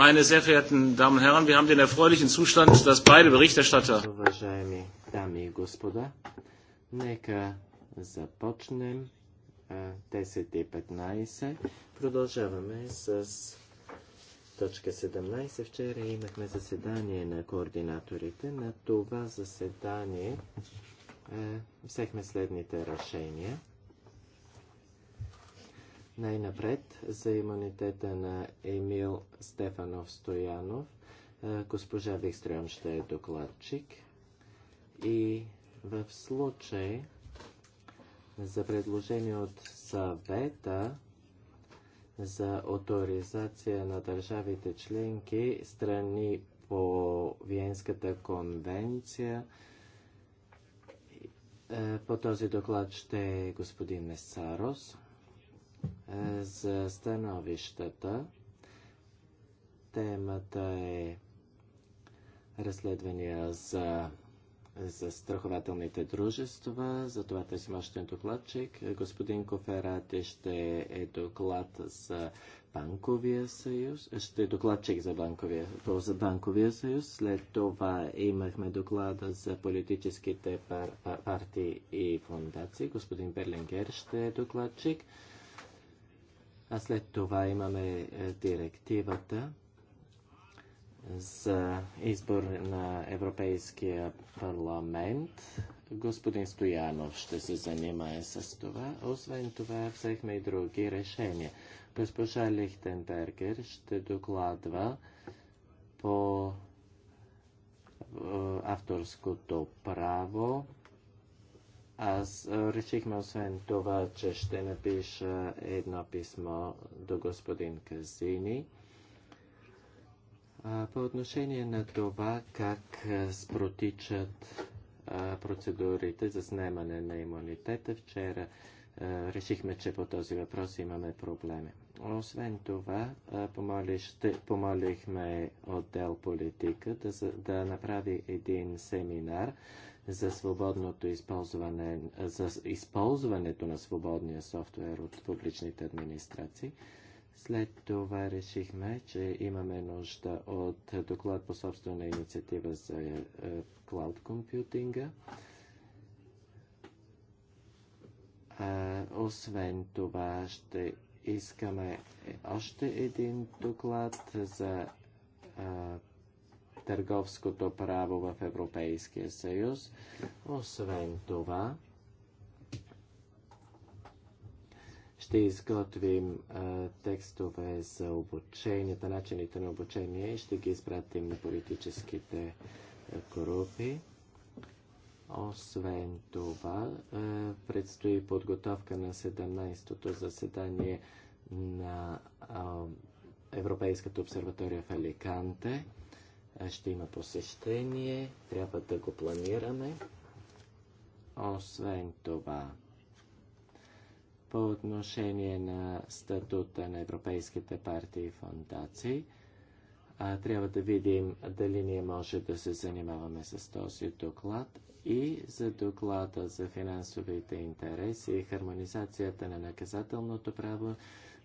Meine sehr verehrten Damen und Herren, wir haben den erfreulichen Zustand, dass beide Berichterstatter. Уважаеми дами и господа, нека започнем 10 и 15. Продължаваме с точка 17. Вчера имахме заседание на координаторите. На това заседание взехме следните решения. Най-напред за имунитета на Емил Стефанов Стоянов. Е, госпожа Викстрем ще е докладчик. И в случай за предложение от съвета за авторизация на държавите членки, страни по Виенската конвенция, е, по този доклад ще е господин Месарос. Е, за становищата. Темата е разследвания за, за страхователните дружества. За това тези мощен докладчик. Господин Коферати ще е доклад за Банковия съюз. Ще е докладчик за Банковия, за банковия съюз. След това имахме доклада за политическите пар, пар, партии и фундации. Господин Берлингер ще е докладчик. А след това имаме е, директивата за избор на Европейския парламент. Господин Стоянов ще се занимае с това. Освен това, взехме и други решения. Госпожа Лихтенбергер ще докладва по е, авторското право аз решихме освен това, че ще напиша едно писмо до господин Казини. По отношение на това как спротичат процедурите за снемане на имунитета, вчера решихме, че по този въпрос имаме проблеми. Освен това, помолихме отдел политика да, да направи един семинар за свободното използване, за използването на свободния софтуер от публичните администрации. След това решихме, че имаме нужда от доклад по собствена инициатива за е, клауд компютинга. Освен това ще искаме още един доклад за търговското право в Европейския съюз. Освен това, ще изготвим а, текстове за обученията, начините на обучение и ще ги изпратим на политическите групи. Освен това, а, предстои подготовка на 17-то заседание на а, Европейската обсерватория в Аликанте ще има посещение, трябва да го планираме. Освен това, по отношение на статута на европейските партии и фондации, трябва да видим дали ние може да се занимаваме с този доклад и за доклада за финансовите интереси и хармонизацията на наказателното право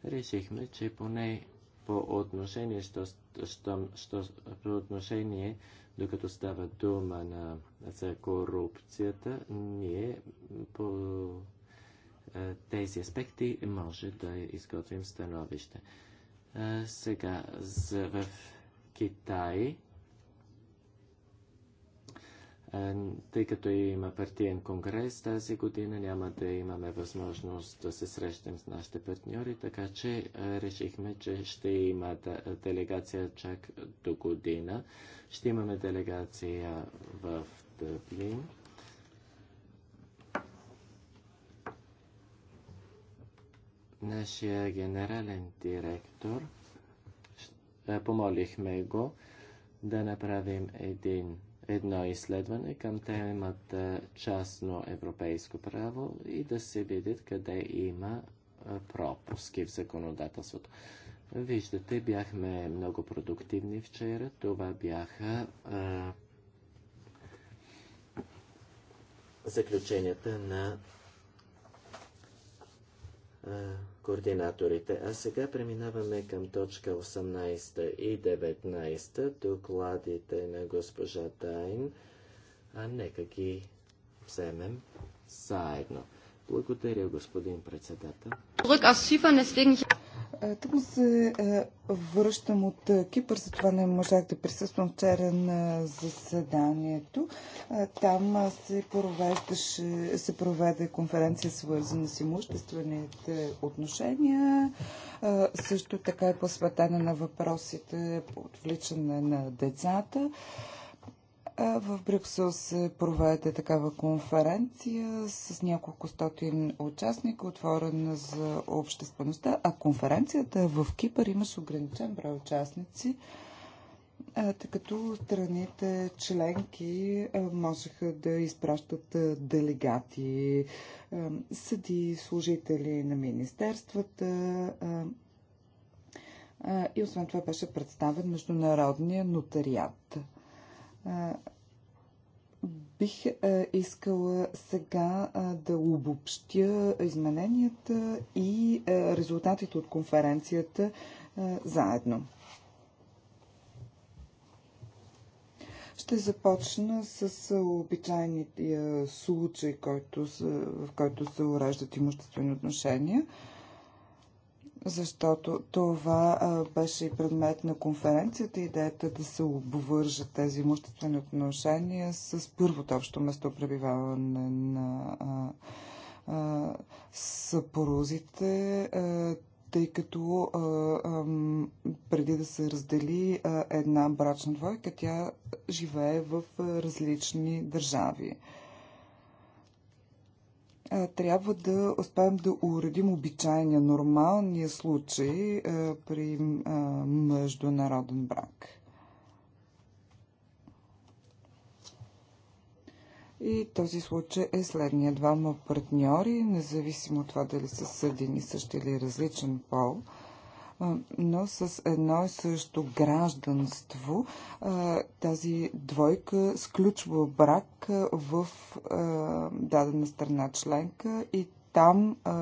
решихме, че поне по отношение, що, що, що, по отношение докато става дума на, за корупцията, ние по е, тези аспекти може да изготвим становище. Е, сега за, в Китай тъй като има партиен конгрес тази година, няма да имаме възможност да се срещнем с нашите партньори, така че решихме, че ще има делегация чак до година. Ще имаме делегация в Дъблин. Нашия генерален директор, помолихме го да направим един едно изследване към темата частно европейско право и да се видят къде има пропуски в законодателството. Виждате, бяхме много продуктивни вчера. Това бяха а, заключенията на а, координаторите. А сега преминаваме към точка 18 и 19, докладите на госпожа Тайн, а нека ги вземем заедно. Благодаря, господин председател. Е, тук му се е, връщам от е, Кипър, затова не можах да присъствам вчера на заседанието. Там се, се проведе конференция, свързана с имуществените отношения, също така е посветена на въпросите по отвличане на децата. В Брюксел се проведе такава конференция с няколко стотин участника, отворена за обществеността, а конференцията е в Кипър имаше ограничен брой участници, тъй като страните членки можеха да изпращат делегати, съди, служители на министерствата, и освен това беше представен международния нотариат. Бих искала сега да обобщя измененията и резултатите от конференцията заедно. Ще започна с обичайния случай, в който се уреждат имуществени отношения – защото това беше и предмет на конференцията, идеята да се обвържат тези имуществени отношения с първото общо местопребиваване на съпорозите, тъй като преди да се раздели една брачна двойка, тя живее в различни държави трябва да успеем да уредим обичайния, нормалния случай при международен брак. И този случай е следния. Двама партньори, независимо от това дали са съдени същи или различен пол – но с едно и също гражданство тази двойка сключва брак в дадена страна членка и там а,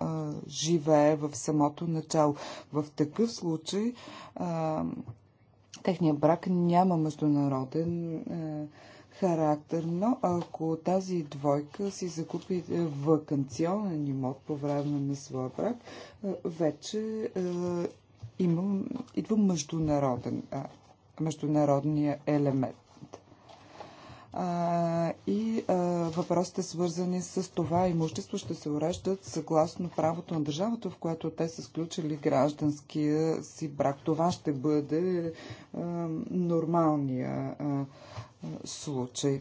а, живее в самото начало. В такъв случай а, техния брак няма международен а, характер, но ако тази двойка си закупи е, вакансионен имот по време на своя брак, е, вече е, имам, идва международен, международния елемент а, и а, въпросите свързани с това имущество ще се уреждат съгласно правото на държавата, в което те са сключили гражданския си брак. Това ще бъде а, нормалния а, случай.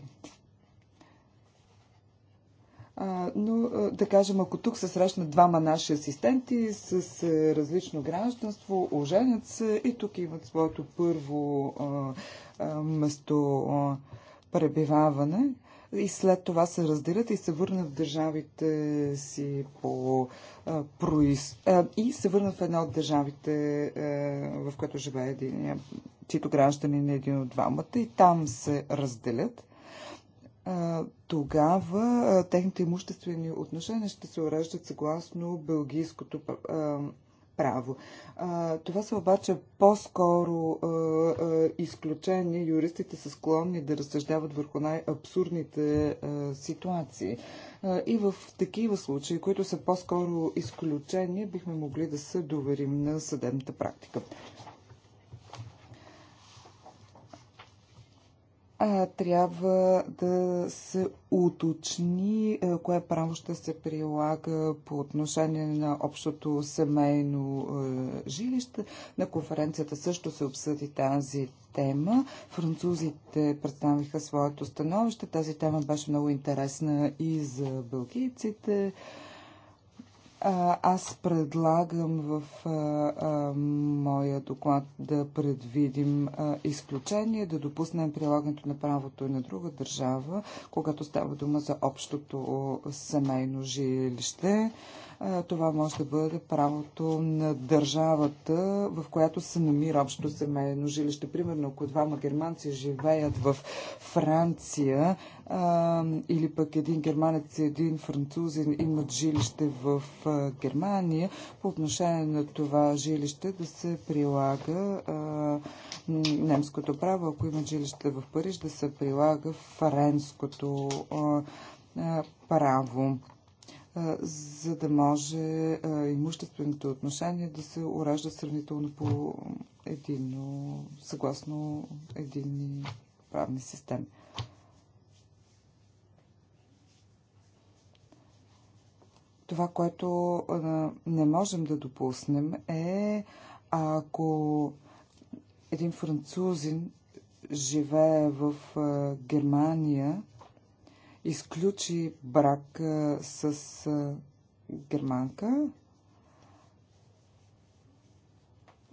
Но, да кажем, ако тук се срещнат двама наши асистенти с е, различно гражданство, оженят се и тук имат своето първо место пребиваване и след това се разделят и се върнат в държавите си по проис... и се върнат в една от държавите, е, в която живее единия чието граждани на е един от двамата и там се разделят, тогава техните имуществени отношения ще се уреждат съгласно бългийското право. това са обаче по-скоро изключение. Юристите са склонни да разсъждават върху най-абсурдните ситуации. и в такива случаи, които са по-скоро изключения, бихме могли да се доверим на съдебната практика. а, трябва да се уточни а, кое право ще се прилага по отношение на общото семейно а, жилище. На конференцията също се обсъди тази тема. Французите представиха своето становище. Тази тема беше много интересна и за бългийците. А, аз предлагам в а, а, моя доклад да предвидим а, изключение, да допуснем прилагането на правото и на друга държава, когато става дума за общото семейно жилище това може да бъде правото на държавата, в която се намира общо семейно жилище. Примерно, ако двама германци живеят в Франция или пък един германец и един французин имат жилище в Германия, по отношение на това жилище да се прилага немското право, ако имат жилище в Париж, да се прилага френското право за да може имуществените отношения да се уреждат сравнително по едино, съгласно единни правни системи. Това, което не можем да допуснем е, ако един французин живее в Германия, изключи брак с германка.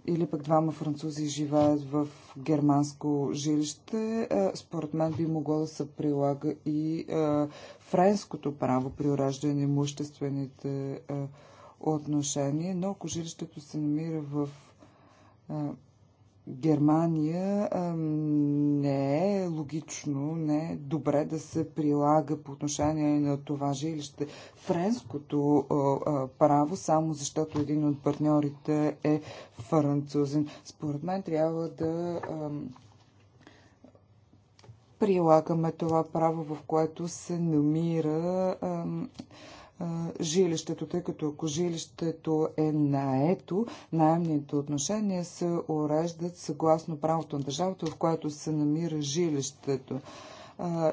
Или пък двама французи живеят в германско жилище, според мен би могло да се прилага и френското право при ураждане на имуществените отношения, но ако жилището се намира в Германия не е логично, не е добре да се прилага по отношение на това жилище френското право, само защото един от партньорите е французин. Според мен трябва да прилагаме това право, в което се намира жилището, тъй като ако жилището е наето, найемните отношения се уреждат съгласно правото на държавата, в което се намира жилището.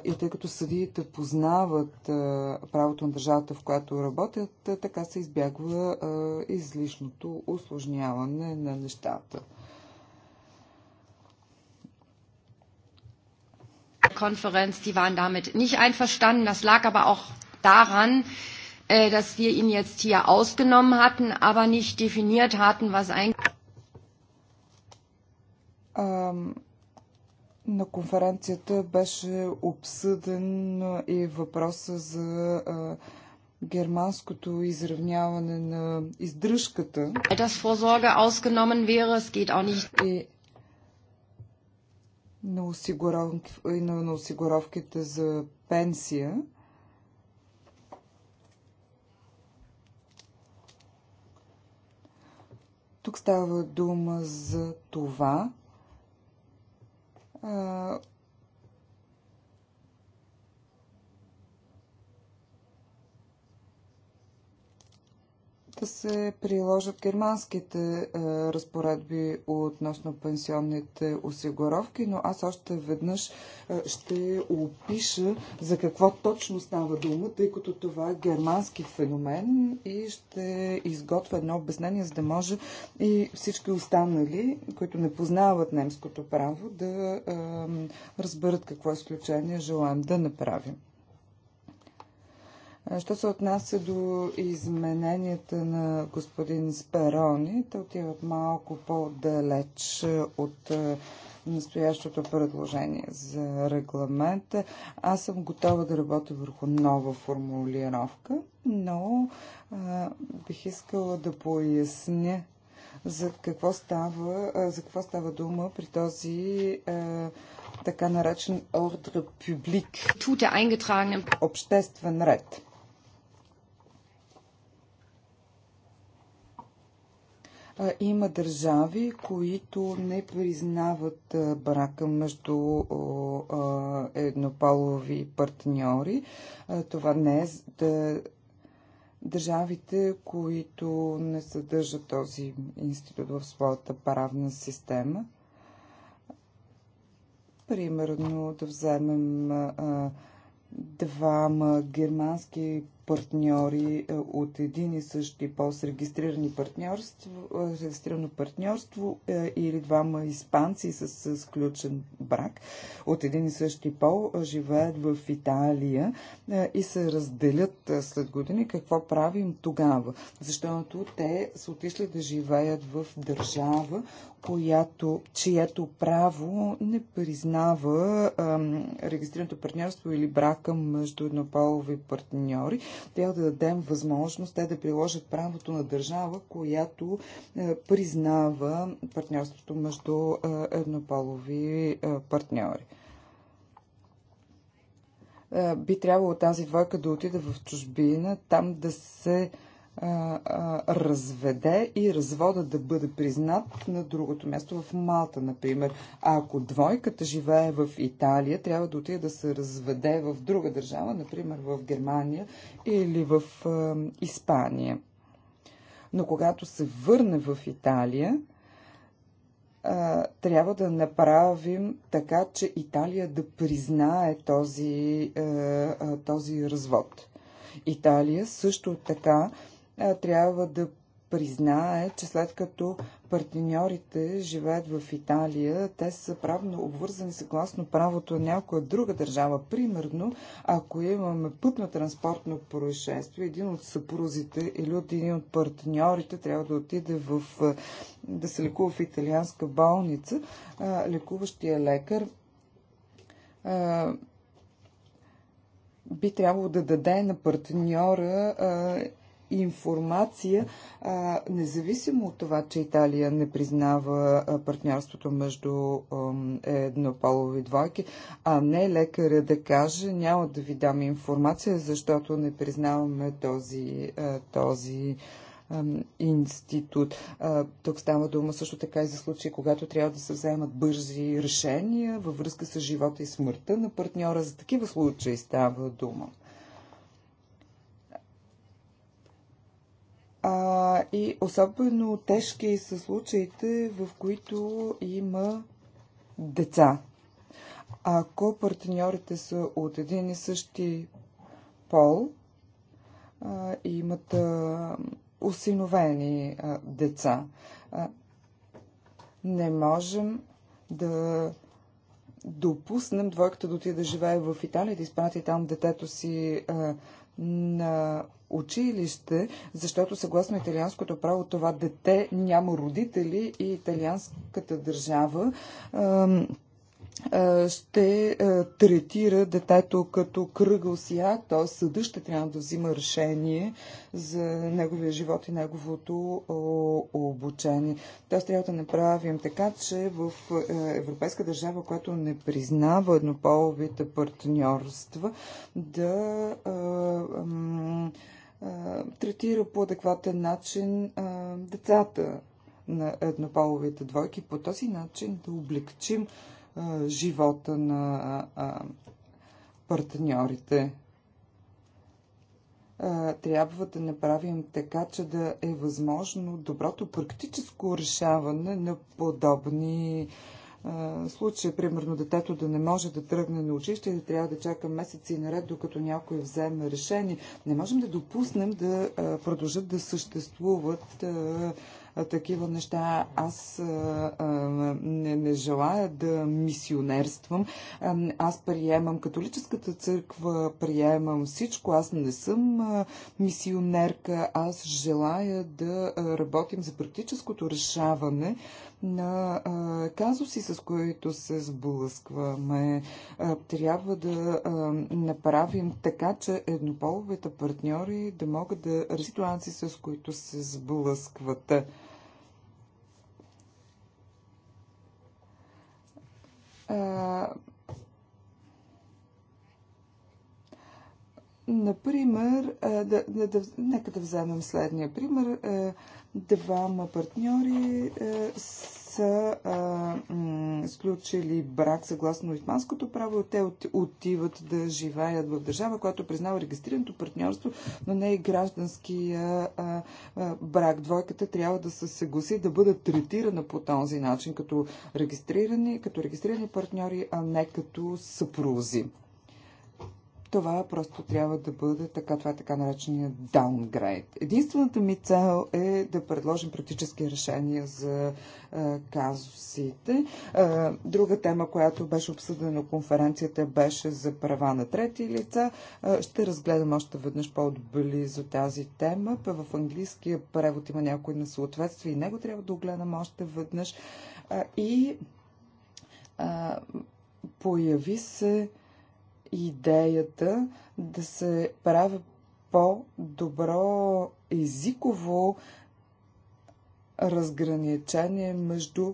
И тъй като съдиите познават правото на държавата, в която работят, така се избягва излишното усложняване на нещата. Konferenz, die waren damit nicht einverstanden. Das lag aber auch daran, Äh, dass wir ihn jetzt hier ausgenommen hatten, aber nicht definiert hatten, was eigentlich. На конференцията беше обсъден и въпроса за а, германското изравняване на издръжката. И на осигуровките за пенсия. Тук става дума за това, ще се приложат германските е, разпоредби относно пенсионните осигуровки, но аз още веднъж е, ще опиша за какво точно става дума, тъй като това е германски феномен и ще изготвя едно обяснение, за да може и всички останали, които не познават немското право, да е, разберат какво изключение желаем да направим. Що се отнася до измененията на господин Сперони, те отиват малко по-далеч от настоящото предложение за регламент. Аз съм готова да работя върху нова формулировка, но а, бих искала да поясня за какво става, а, за какво става дума при този а, така наречен ордре публик. Обществен ред. Има държави, които не признават брака между еднополови партньори. Това не е да държавите, които не съдържат този институт в своята правна система. Примерно да вземем двама германски партньори е, от един и същи пол регистрирани партньорство, е, регистрирано партньорство е, или двама испанци с сключен брак от един и същи пол живеят в Италия и се разделят след години. Какво правим тогава? Защото те са отишли да живеят в държава, която, чието право не признава регистрираното партньорство или брака между еднополови партньори, трябва да дадем възможност те да приложат правото на държава, която е, признава партньорството между е, еднополови е, партньори би трябвало тази двойка да отиде в чужбина, там да се разведе и развода да бъде признат на другото място в Малта, например. А ако двойката живее в Италия, трябва да отиде да се разведе в друга държава, например в Германия или в Испания. Но когато се върне в Италия, трябва да направим така, че Италия да признае този, този развод. Италия също така трябва да признае, че след като партньорите живеят в Италия, те са правно обвързани съгласно правото на някоя друга държава. Примерно, ако имаме пътно-транспортно происшествие, един от съпрузите или от един от партньорите трябва да отиде в, да се лекува в италианска болница, лекуващия лекар би трябвало да даде на партньора информация, а, независимо от това, че Италия не признава партньорството между а, еднополови двойки, а не лекаря да каже, няма да ви дам информация, защото не признаваме този, а, този институт. Тук става дума също така и за случаи, когато трябва да се вземат бързи решения във връзка с живота и смъртта на партньора. За такива случаи става дума. А, и особено тежки са случаите, в които има деца. Ако партньорите са от един и същи пол а, и имат а, усиновени а, деца, а, не можем да допуснем двойката да отиде да живее в Италия, да изпрати там детето си а, на училище, защото съгласно италианското право това дете няма родители и италианската държава ще третира детето като кръгъл сия, т.е. съда ще трябва да взима решение за неговия живот и неговото обучение. Т.е. трябва да направим така, че в е, европейска държава, която не признава еднополовите партньорства, да третира по адекватен начин децата на еднополовите двойки. По този начин да облегчим живота на партньорите. Трябва да направим така, че да е възможно доброто практическо решаване на подобни случай, примерно, детето да не може да тръгне на училище и да трябва да чака месеци наред, докато някой вземе решение. Не можем да допуснем да продължат да съществуват такива неща. Аз не, не желая да мисионерствам. Аз приемам католическата църква, приемам всичко. Аз не съм мисионерка. Аз желая да работим за практическото решаване на а, казуси, с които се сблъскваме. А, трябва да а, направим така, че еднополовите партньори да могат да ситуации, с които се сблъскват. Например, да, да, да, нека да вземем следния пример. Двама партньори е, са сключили брак съгласно испанското право. Те отиват да живеят в държава, която признава регистрираното партньорство, но не и е гражданския брак. Двойката трябва да се съгласи да бъдат третирана по този начин, като регистрирани, като регистрирани партньори, а не като съпрузи. Това просто трябва да бъде така, това е така наречения даунгрейд. Единствената ми цел е да предложим практически решения за е, казусите. Е, друга тема, която беше обсъдена на конференцията, беше за права на трети лица. Е, ще разгледам още веднъж по-отблизо тази тема. Пе в английския превод има някои несъответствия и него трябва да огледам още веднъж. Е, и е, появи се идеята да се прави по-добро езиково разграничение между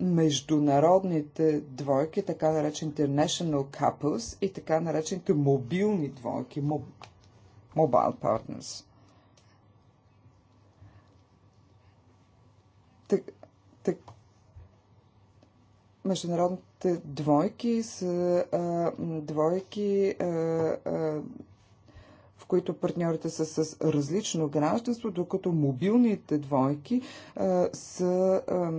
международните двойки, така наречените international couples и така наречените мобилни двойки, mobile partners. Так, так, международните двойки са а, двойки, а, а, в които партньорите са с различно гражданство, докато мобилните двойки а, са, а,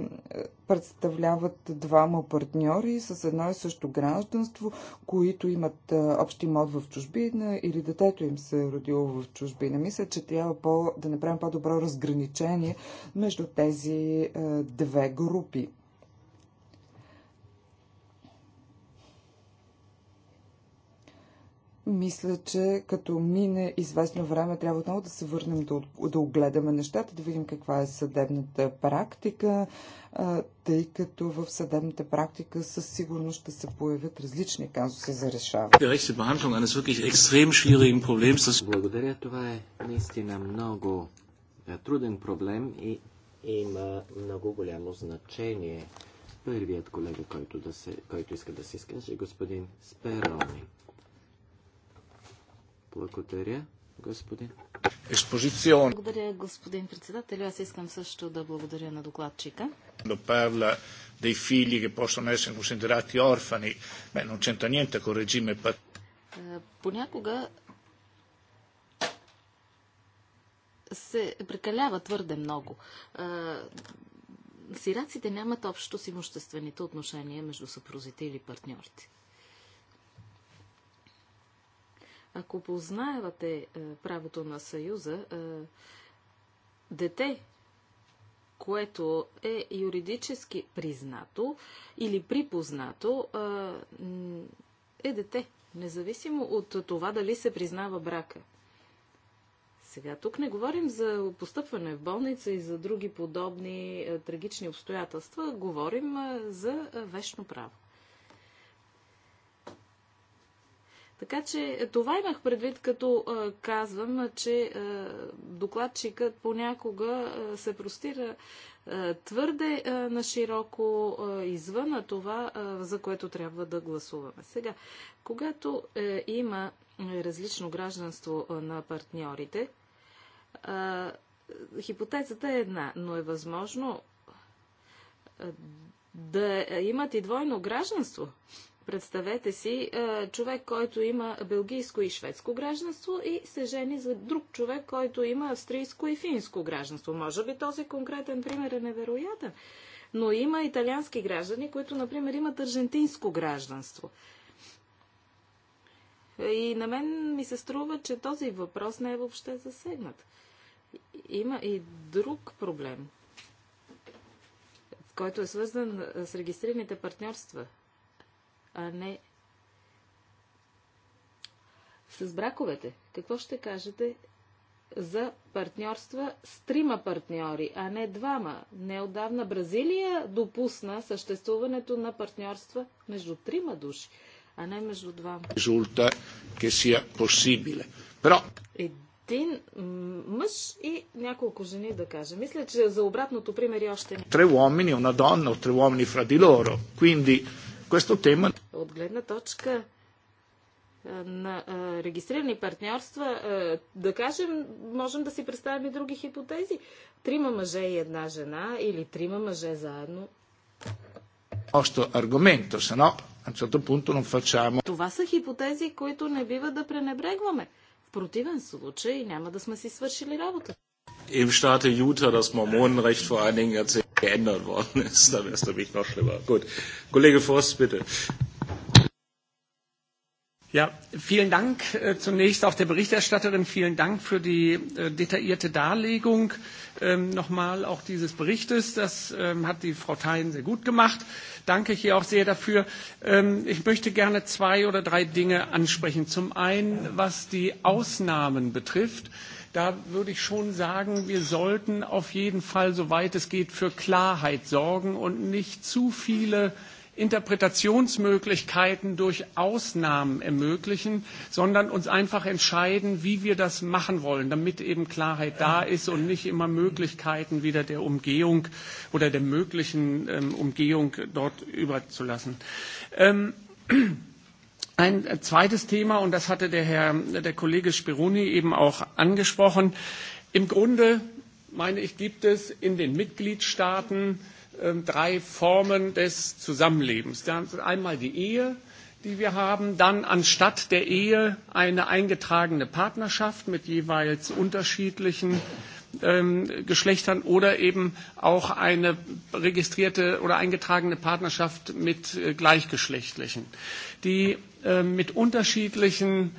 представляват двама партньори с едно и също гражданство, които имат а, общи мод в чужбина или детето им се е родило в чужбина. Мисля, че трябва по, да направим по-добро разграничение между тези а, две групи. Мисля, че като мине известно време, трябва отново да се върнем да, да огледаме нещата, да видим каква е съдебната практика, тъй като в съдебната практика със сигурност ще се появят различни казуси за решаване. Благодаря, това е наистина много е, труден проблем и има много голямо значение. Първият колега, който, да се, който иска да се изкаже, е господин Сперони. Благодаря, господин. Експозицион. Благодаря, господин председател. Аз искам също да благодаря на докладчика. Да Парла dei figli che possono essere considerati orfani, beh, non c'entra niente режиме път. Понякога се прекалява твърде много. Е, сираците нямат общо с имуществените отношения между съпрузите или партньорите. Ако познавате е, правото на Съюза, е, дете, което е юридически признато или припознато, е, е дете, независимо от това дали се признава брака. Сега тук не говорим за постъпване в болница и за други подобни трагични обстоятелства, говорим за вечно право. Така че е, това имах предвид, като а, е, казвам, че а, е, докладчикът понякога а, се простира а, твърде а, на широко а, извън на това, а, за което трябва да гласуваме. Сега, когато а, има различно гражданство а, на партньорите, а, хипотезата е една, но е възможно а, да имат и двойно гражданство. Представете си е, човек, който има белгийско и шведско гражданство и се жени за друг човек, който има австрийско и финско гражданство. Може би този конкретен пример е невероятен, но има италиански граждани, които, например, имат аржентинско гражданство. И на мен ми се струва, че този въпрос не е въобще засегнат. Има и друг проблем, който е свързан с регистрираните партньорства а не с браковете. Какво ще кажете за партньорства с трима партньори, а не двама? Неодавна Бразилия допусна съществуването на партньорства между трима души, а не между двама. Един мъж и няколко жени, да кажа. Мисля, че за обратното пример и още не. Tre uomini e una donna, o tre uomini fra Quindi questo tema от гледна точка на регистрирани партньорства, да кажем, можем да си представим и други хипотези. Трима мъже и една жена или трима мъже заедно. Още аргументо, сено това са хипотези, които не бива да пренебрегваме. В противен случай няма да сме си свършили работа. Im Staate Utah das Mormonenrecht vor einigen Jahrzehnten geändert worden ist, dann wäre es nämlich noch schlimmer. Gut, Kollege Forst, bitte. Ja, vielen Dank zunächst auch der Berichterstatterin. Vielen Dank für die detaillierte Darlegung nochmal auch dieses Berichtes. Das hat die Frau Thein sehr gut gemacht. Danke ich ihr auch sehr dafür. ich möchte gerne zwei oder drei Dinge ansprechen. Zum einen, was die Ausnahmen betrifft. Da würde ich schon sagen, wir sollten auf jeden Fall, soweit es geht, für Klarheit sorgen und nicht zu viele äh, Interpretationsmöglichkeiten durch Ausnahmen ermöglichen, sondern uns einfach entscheiden, wie wir das machen wollen, damit eben Klarheit da ist und nicht immer Möglichkeiten wieder der Umgehung oder der möglichen ähm, Umgehung dort überzulassen. Ähm, ein zweites Thema, und das hatte der, Herr, der Kollege Spironi eben auch angesprochen. Im Grunde, meine ich, gibt es in den Mitgliedstaaten äh, drei Formen des Zusammenlebens. Einmal die Ehe, die wir haben, dann anstatt der Ehe eine eingetragene Partnerschaft mit jeweils unterschiedlichen Geschlechtern oder eben auch eine registrierte oder eingetragene Partnerschaft mit Gleichgeschlechtlichen, die mit unterschiedlichen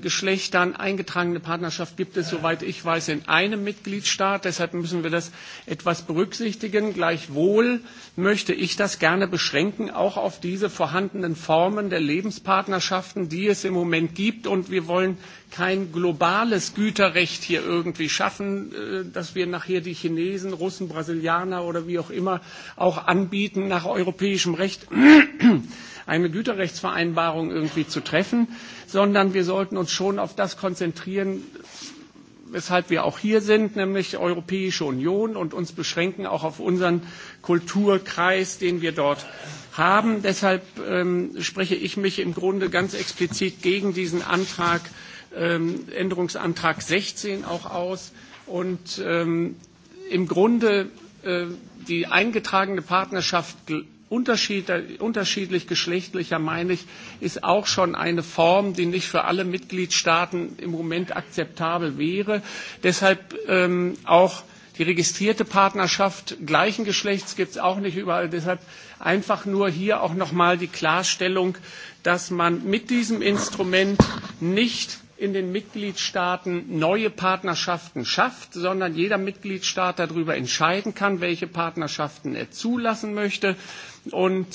Geschlechtern eingetragene Partnerschaft gibt es, soweit ich weiß, in einem Mitgliedstaat. Deshalb müssen wir das etwas berücksichtigen. Gleichwohl möchte ich das gerne beschränken, auch auf diese vorhandenen Formen der Lebenspartnerschaften, die es im Moment gibt. Und wir wollen kein globales Güterrecht hier irgendwie schaffen, dass wir nachher die Chinesen, Russen, Brasilianer oder wie auch immer auch anbieten, nach europäischem Recht eine Güterrechtsvereinbarung irgendwie zu treffen sondern wir sollten uns schon auf das konzentrieren, weshalb wir auch hier sind, nämlich Europäische Union und uns beschränken auch auf unseren Kulturkreis, den wir dort haben. Deshalb spreche ich mich im Grunde ganz explizit gegen diesen Antrag, Änderungsantrag sechzehn auch aus und im Grunde die eingetragene Partnerschaft unterschiedlich geschlechtlicher, meine ich, ist auch schon eine Form, die nicht für alle Mitgliedstaaten im Moment akzeptabel wäre. Deshalb auch die registrierte Partnerschaft gleichen Geschlechts gibt es auch nicht überall. Deshalb einfach nur hier auch nochmal die Klarstellung, dass man mit diesem Instrument nicht in den Mitgliedstaaten neue Partnerschaften schafft, sondern jeder Mitgliedstaat darüber entscheiden kann, welche Partnerschaften er zulassen möchte und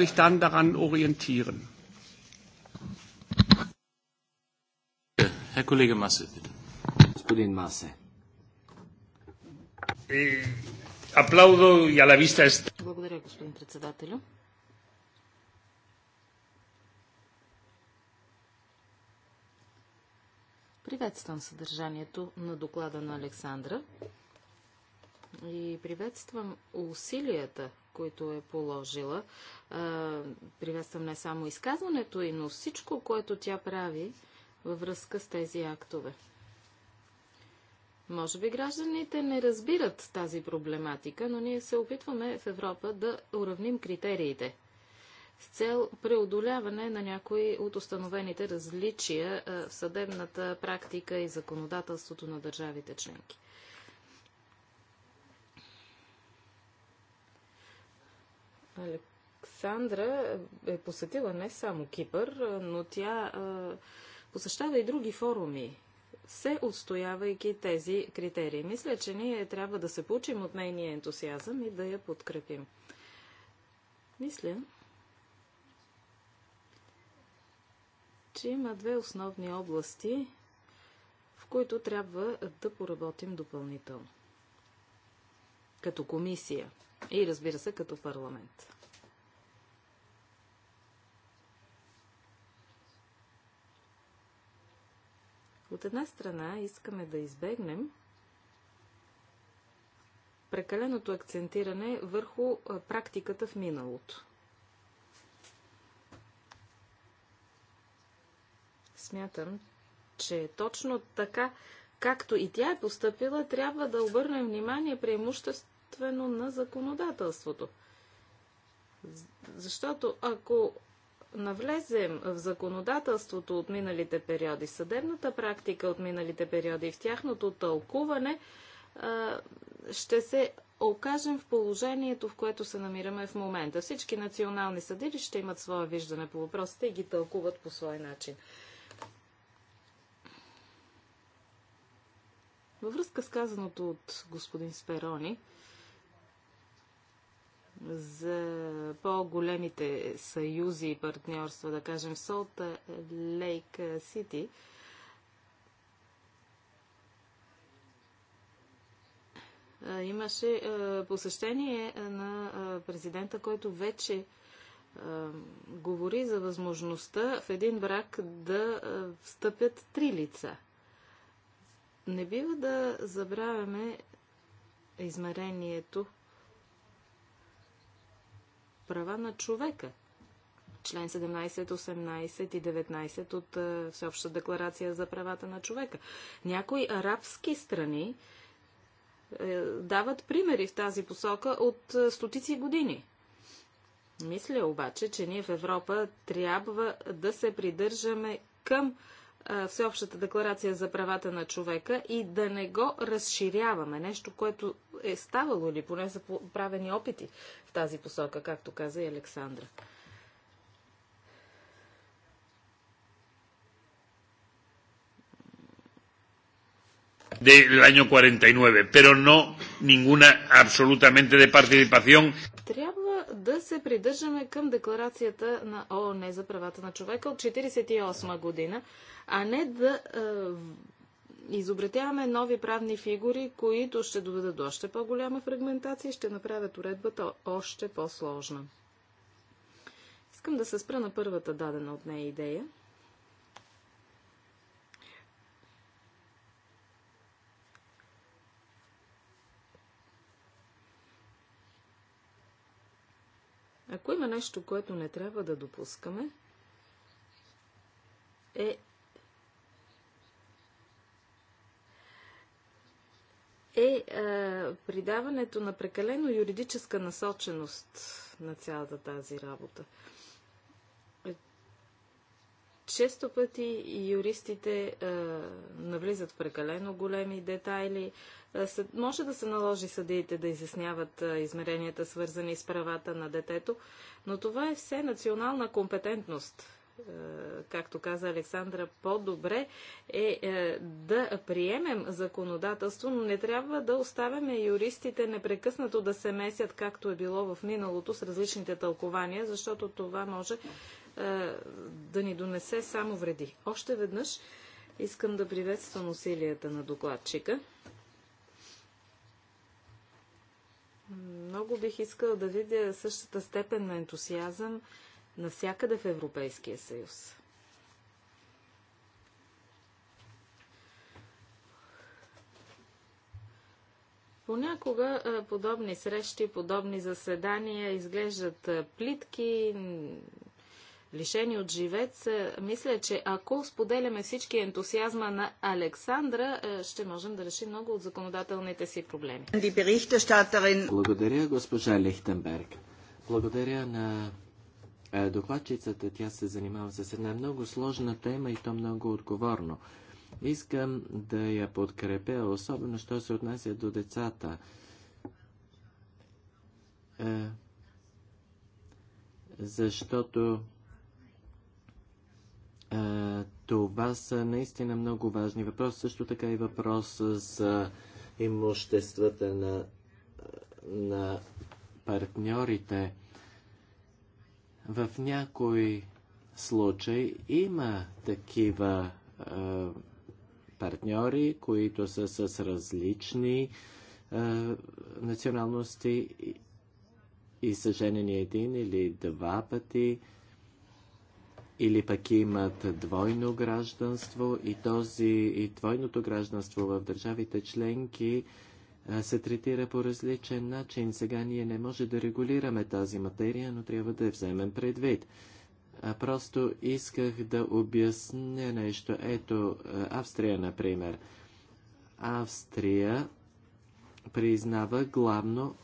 sich dann daran orientieren. Herr Kollege Masse, bitte. Господин Масе. Аплаудо и а la vista Благодаря, господин председателю. Приветствам съдържанието на доклада на Александра и приветствам усилията, които е положила. Приветствам не само изказването и, но всичко, което тя прави във връзка с тези актове. Може би гражданите не разбират тази проблематика, но ние се опитваме в Европа да уравним критериите с цел преодоляване на някои от установените различия в съдебната практика и законодателството на държавите членки. Александра е посетила не само Кипър, но тя посещава и други форуми все отстоявайки тези критерии. Мисля, че ние трябва да се получим от нейния ентусиазъм и да я подкрепим. Мисля, че има две основни области, в които трябва да поработим допълнително. Като комисия и разбира се като парламент. От една страна искаме да избегнем прекаленото акцентиране върху практиката в миналото. Смятам, че точно така, както и тя е поступила, трябва да обърнем внимание преимуществено на законодателството. Защото ако навлезем в законодателството от миналите периоди, съдебната практика от миналите периоди в тяхното тълкуване, ще се окажем в положението, в което се намираме в момента. Всички национални съдилища имат свое виждане по въпросите и ги тълкуват по свой начин. Във връзка с казаното от господин Сперони за по-големите съюзи и партньорства, да кажем Солт Лейк Сити, имаше посещение на президента, който вече говори за възможността в един брак да встъпят три лица – не бива да забравяме измерението права на човека. Член 17, 18 и 19 от е, Всеобща декларация за правата на човека. Някои арабски страни е, дават примери в тази посока от е, стотици години. Мисля обаче, че ние в Европа трябва да се придържаме към Всеобщата декларация за правата на човека и да не го разширяваме. Нещо, което е ставало или поне са правени опити в тази посока, както каза и Александра. del año 49, pero no ninguna absolutamente de participación. Трябва да се придържаме към декларацията на ООН за правата на човека от 1948 година, а не да е, изобретяваме нови правни фигури, които ще доведат до още по-голяма фрагментация и ще направят уредбата още по-сложна. Искам да се спра на първата дадена от нея идея – Ако има нещо, което не трябва да допускаме, е, е е, придаването на прекалено юридическа насоченост на цялата тази работа. Често пъти юристите а, навлизат в прекалено големи детайли. А, съ... може да се наложи съдиите да изясняват а, измеренията, свързани с правата на детето, но това е все национална компетентност. А, както каза Александра, по-добре е, е да приемем законодателство, но не трябва да оставяме юристите непрекъснато да се месят, както е било в миналото, с различните тълкования, защото това може е, да ни донесе само вреди. Още веднъж искам да приветствам усилията на докладчика. Много бих искала да видя същата степен на ентусиазъм навсякъде в Европейския съюз. Понякога е, подобни срещи, подобни заседания изглеждат е, плитки, лишени от живец, е, мисля, че ако споделяме всички ентусиазма на Александра, е, ще можем да решим много от законодателните си проблеми. Благодаря, госпожа Лихтенберг. Благодаря на е, докладчицата. Тя се занимава с една много сложна тема и то много отговорно. Искам да я подкрепя, особено, що се отнася до децата. Защото това са наистина много важни въпроси. Също така и въпрос за имуществата на, на партньорите. В някой случай има такива е, партньори, които са с различни е, националности и са женени един или два пъти. Е, или пък имат двойно гражданство и, този, и двойното гражданство в държавите членки се третира по различен начин. Сега ние не може да регулираме тази материя, но трябва да я вземем предвид. просто исках да обясня нещо. Ето, Австрия, например. Австрия признава главно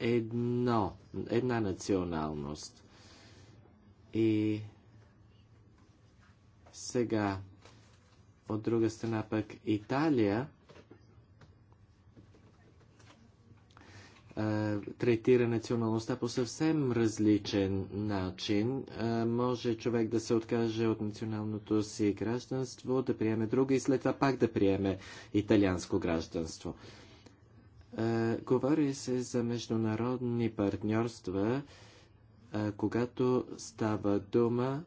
едно, една националност. И сега, от друга страна пък Италия третира националността по съвсем различен начин. може човек да се откаже от националното си гражданство, да приеме друго и след това пак да приеме италианско гражданство. говори се за международни партньорства, когато става дума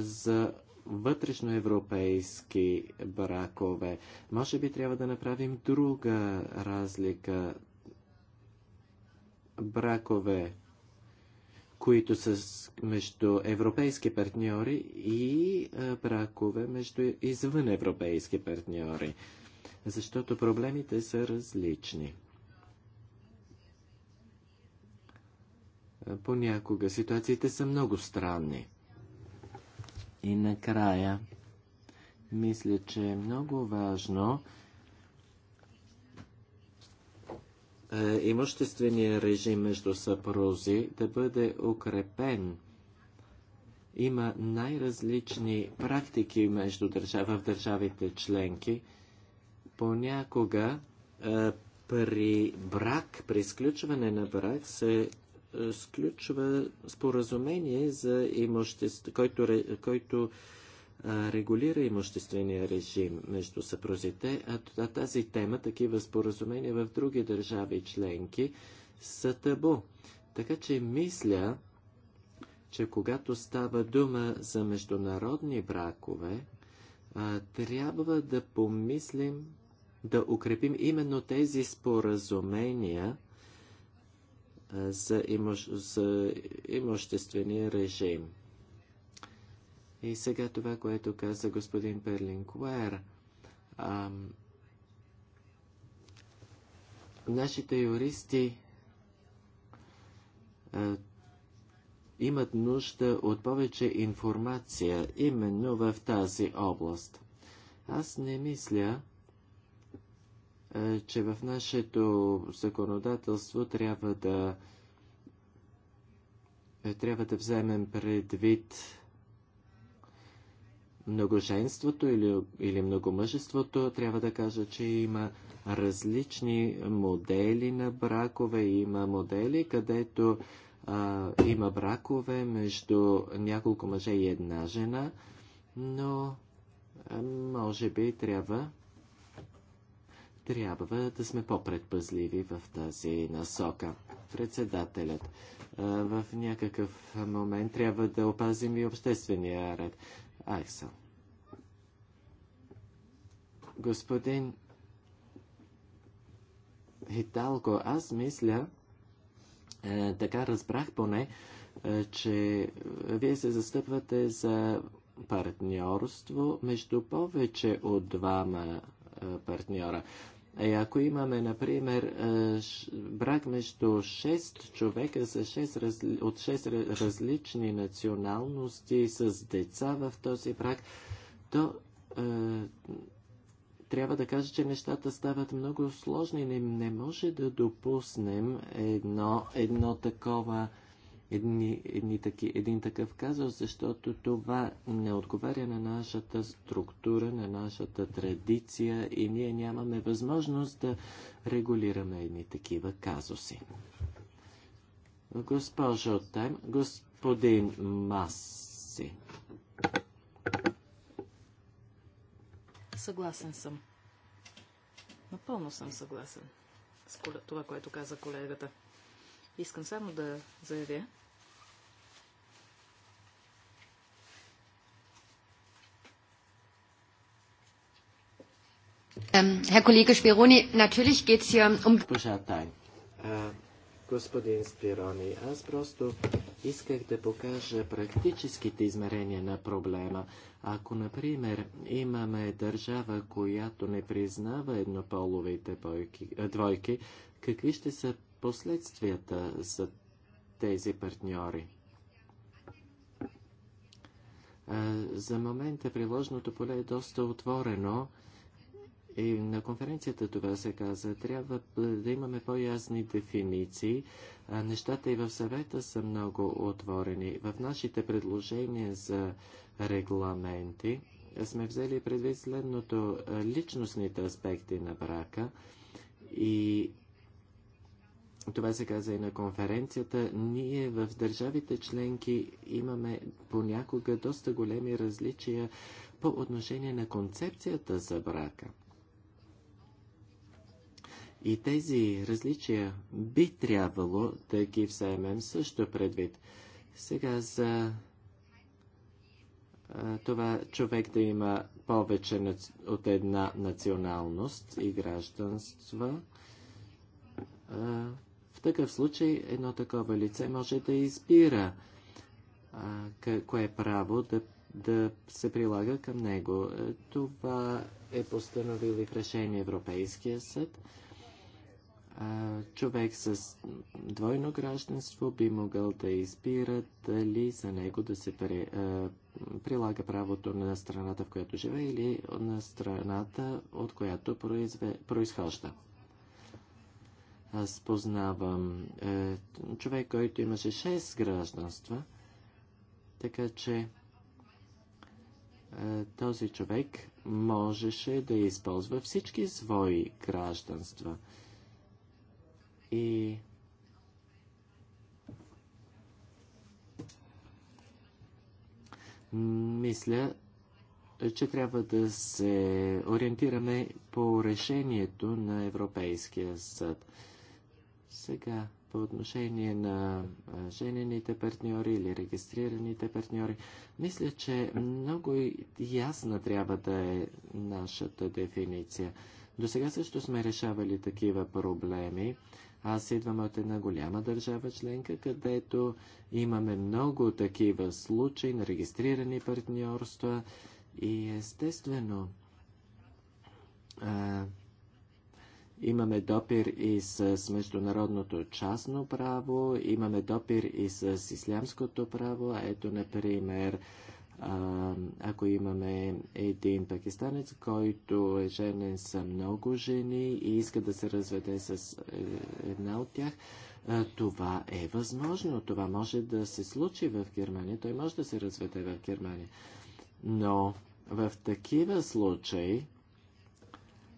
за вътрешноевропейски бракове. Може би трябва да направим друга разлика. Бракове, които са между европейски партньори и бракове между извън европейски партньори. Защото проблемите са различни. Понякога ситуациите са много странни. И накрая, мисля, че е много важно е, имуществения режим между съпрузи да бъде укрепен. Има най-различни практики между държава, в държавите членки. Понякога е, при брак, при изключване на брак се сключва споразумение за имущество, който, който регулира имуществения режим между съпрузите, а тази тема, такива споразумения в други държави членки са табу. Така че мисля, че когато става дума за международни бракове, трябва да помислим да укрепим именно тези споразумения за, имуш, за имуществения режим. И сега това, което каза господин Перлинкуер, нашите юристи а, имат нужда от повече информация именно в тази област. Аз не мисля, е, че в нашето законодателство трябва да е, трябва да вземем предвид многоженството или, или многомъжеството, трябва да кажа, че има различни модели на бракове. Има модели, където а, има бракове между няколко мъже и една жена, но а, може би трябва трябва да сме по-предпазливи в тази насока. Председателят, в някакъв момент трябва да опазим и обществения ред. Аксел. Господин Хиталко, аз мисля, така разбрах поне, че вие се застъпвате за партньорство между повече от двама партньора. И е, ако имаме, например, е, брак между 6 човека с 6 от 6 различни националности с деца в този брак, то е, трябва да кажа, че нещата стават много сложни. Не, не може да допуснем едно, едно такова едни, едни таки, един такъв казус, защото това не отговаря на нашата структура, на нашата традиция и ние нямаме възможност да регулираме едни такива казуси. Госпожо Тайм, господин Маси. Съгласен съм. Напълно съм съгласен с това, което каза колегата. Искам само да заявя, Herr Kollege Speroni, natürlich geht es hier um... Господин Спирони, аз просто исках да покажа практическите измерения на проблема. Ако, например, имаме държава, която не признава еднополовите двойки, какви ще са последствията за тези партньори. За момента приложното поле е доста отворено и на конференцията това се каза. Трябва да имаме по-ясни дефиниции. Нещата и в съвета са много отворени. В нашите предложения за регламенти сме взели предвид следното личностните аспекти на брака и това се каза и на конференцията, ние в държавите членки имаме понякога доста големи различия по отношение на концепцията за брака. И тези различия би трябвало да ги вземем също предвид. Сега за това човек да има повече от една националност и гражданство такъв случай едно такова лице може да избира а, кое е право да, да се прилага към него. Е, това е постановил и в решение Европейския съд. А, човек с двойно гражданство би могъл да избира дали за него да се при, а, прилага правото на страната, в която живее или на страната, от която произхожда. Аз познавам е, човек, който имаше 6 гражданства, така че е, този човек можеше да използва всички свои гражданства. И мисля, че трябва да се ориентираме по решението на Европейския съд. Сега, по отношение на женените партньори или регистрираните партньори, мисля, че много ясна трябва да е нашата дефиниция. До сега също сме решавали такива проблеми. Аз идвам от една голяма държава членка, където имаме много такива случаи на регистрирани партньорства и естествено а, Имаме допир и с международното частно право, имаме допир и с ислямското право. Ето, например, ако имаме един пакистанец, който е женен с много жени и иска да се разведе с е, една от тях, това е възможно. Това може да се случи в Германия. Той може да се разведе в Германия. Но в такива случаи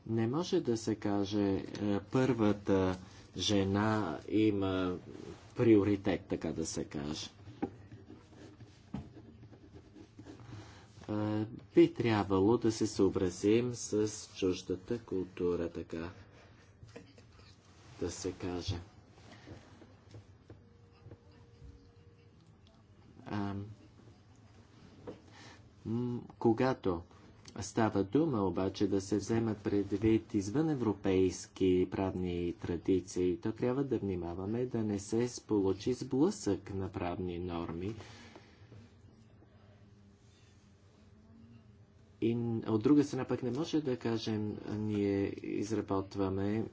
не може да се каже е, първата жена има приоритет, така да се каже. Е, би трябвало да се съобразим с чуждата култура, така да се каже. Когато Става дума обаче да се вземат предвид извън европейски правни традиции. То трябва да внимаваме да не се сполучи сблъсък на правни норми. И от друга страна пък не може да кажем, ние изработваме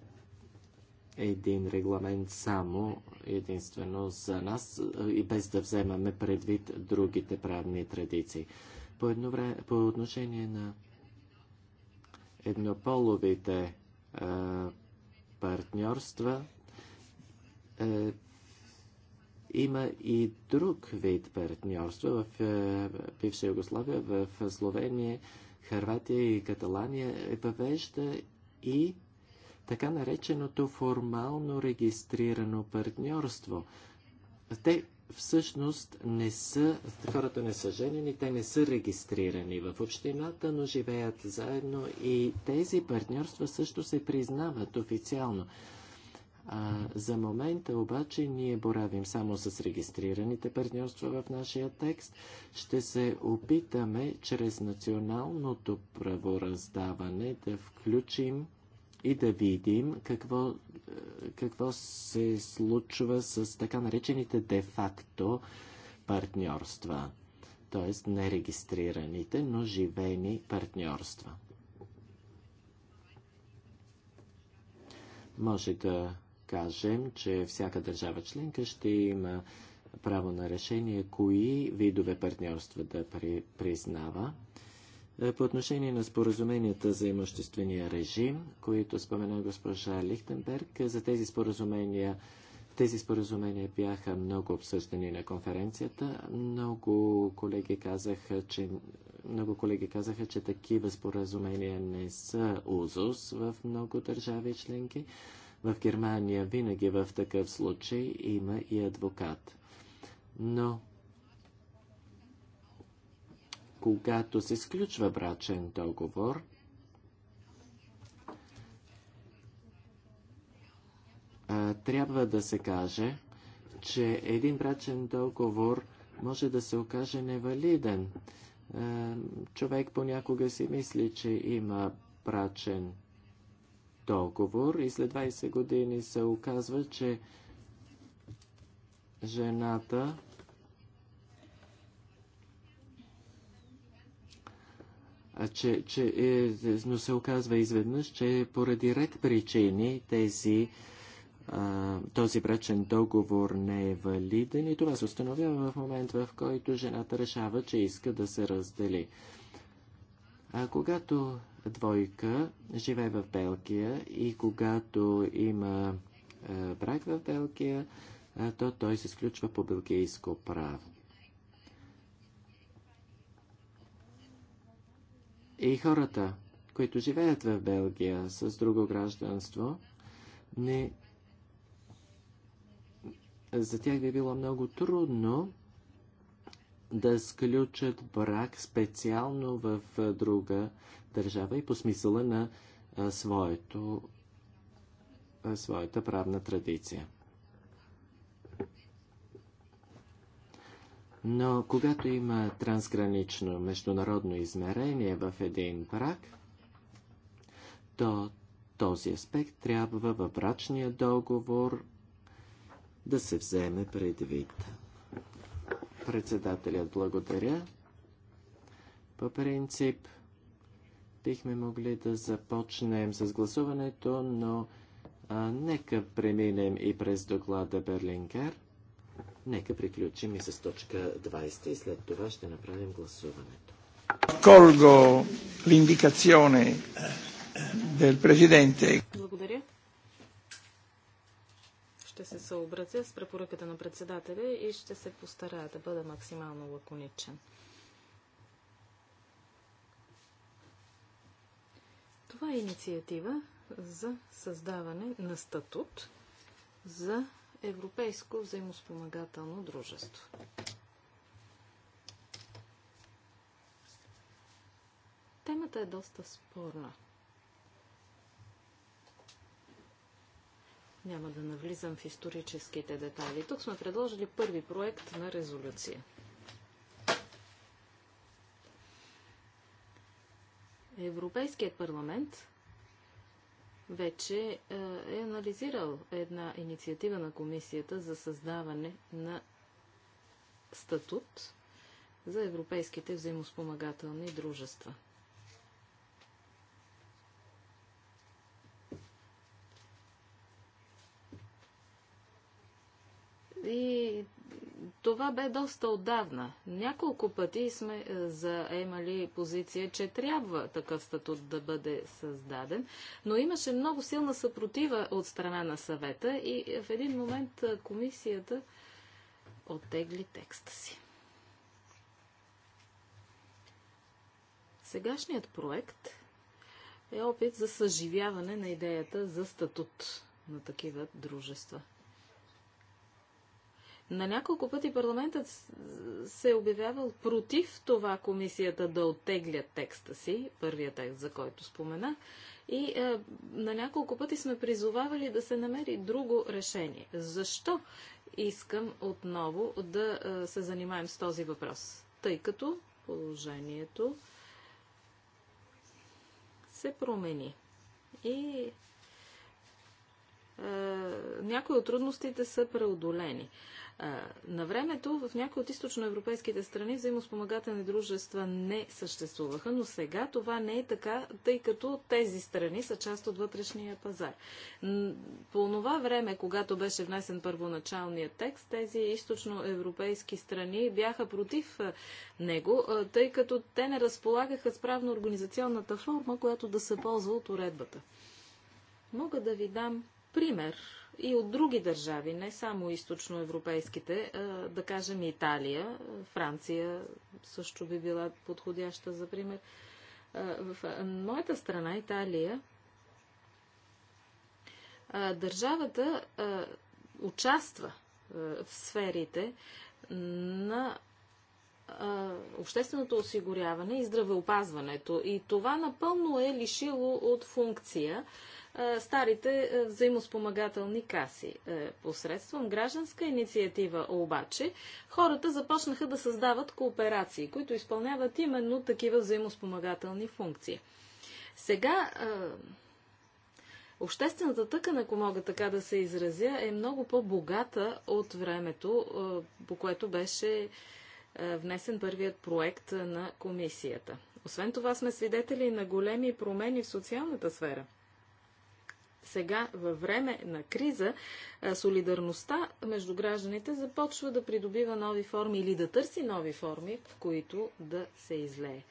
един регламент само единствено за нас и без да вземаме предвид другите правни традиции. По, едно време по отношение на еднополовите а, е, партньорства, а, е, има и друг вид партньорства в е, бивша Югославия, в Словения, Харватия и Каталания е въвежда и така нареченото формално регистрирано партньорство. Те всъщност не са, хората не са женени, те не са регистрирани в общината, но живеят заедно и тези партньорства също се признават официално. А, за момента обаче ние боравим само с регистрираните партньорства в нашия текст. Ще се опитаме чрез националното правораздаване да включим и да видим какво, е, какво се случва с така наречените де-факто партньорства, т.е. нерегистрираните, но живени партньорства. Може да кажем, че всяка държава членка ще има право на решение кои видове партньорства да признава. Е, по отношение на споразуменията за имуществения режим, които спомена госпожа Лихтенберг, е, за тези споразумения тези споразумения бяха много обсъждани на конференцията. Много колеги казаха, че, много колеги казаха, че такива споразумения не са узус в много държави членки. В Германия винаги в такъв случай има и адвокат. Но когато се сключва брачен договор, трябва да се каже, че един брачен договор може да се окаже невалиден. Човек понякога си мисли, че има брачен договор и след 20 години се оказва, че жената че, че е, но се оказва изведнъж, че поради ред причини тези, а, този брачен договор не е валиден и това се установява в момент, в който жената решава, че иска да се раздели. А когато двойка живее в Белгия и когато има а, брак в Белгия, а, то той се сключва по белгийско право. и хората, които живеят в Белгия с друго гражданство, не... за тях би било много трудно да сключат брак специално в друга държава и по смисъла на своето, своята правна традиция. Но когато има трансгранично международно измерение в един брак, то този аспект трябва във брачния договор да се вземе предвид. Председателят благодаря. По принцип, бихме могли да започнем с гласуването, но а, нека преминем и през доклада Берлингер. Нека приключим и с точка 20 и след това ще направим гласуването. Колго l'indicazione del Presidente. Благодаря. Ще се съобразя с препоръката на председателя и ще се постарая да бъда максимално лаконичен. Това е инициатива за създаване на статут за европейско взаимоспомагателно дружество. Темата е доста спорна. Няма да навлизам в историческите детайли. Тук сме предложили първи проект на резолюция. Европейският парламент вече е, е анализирал една инициатива на комисията за създаване на статут за европейските взаимоспомагателни дружества. И това бе доста отдавна. Няколко пъти сме е, заемали позиция, че трябва такъв статут да бъде създаден, но имаше много силна съпротива от страна на съвета и е, в един момент е, комисията оттегли текста си. Сегашният проект е опит за съживяване на идеята за статут на такива дружества – на няколко пъти парламентът се е обявявал против това комисията да оттегля текста си, първия текст, за който спомена, и е, на няколко пъти сме призовавали да се намери друго решение. Защо искам отново да е, се занимаем с този въпрос? Тъй като положението се промени. И е, някои от трудностите са преодолени. На времето в някои от източноевропейските страни взаимоспомагателни дружества не съществуваха, но сега това не е така, тъй като тези страни са част от вътрешния пазар. По това време, когато беше внесен първоначалният текст, тези източноевропейски страни бяха против него, тъй като те не разполагаха с правно-организационната форма, която да се ползва от уредбата. Мога да ви дам пример и от други държави, не само източноевропейските, да кажем Италия, Франция също би била подходяща за пример. В моята страна, Италия, държавата участва в сферите на общественото осигуряване и здравеопазването. И това напълно е лишило от функция старите взаимоспомагателни каси. Е, посредством гражданска инициатива обаче хората започнаха да създават кооперации, които изпълняват именно такива взаимоспомагателни функции. Сега Обществената тъкан, ако мога така да се изразя, е много по-богата от времето, по което беше внесен първият проект на комисията. Освен това сме свидетели на големи промени в социалната сфера сега във време на криза солидарността между гражданите започва да придобива нови форми или да търси нови форми, в които да се излее.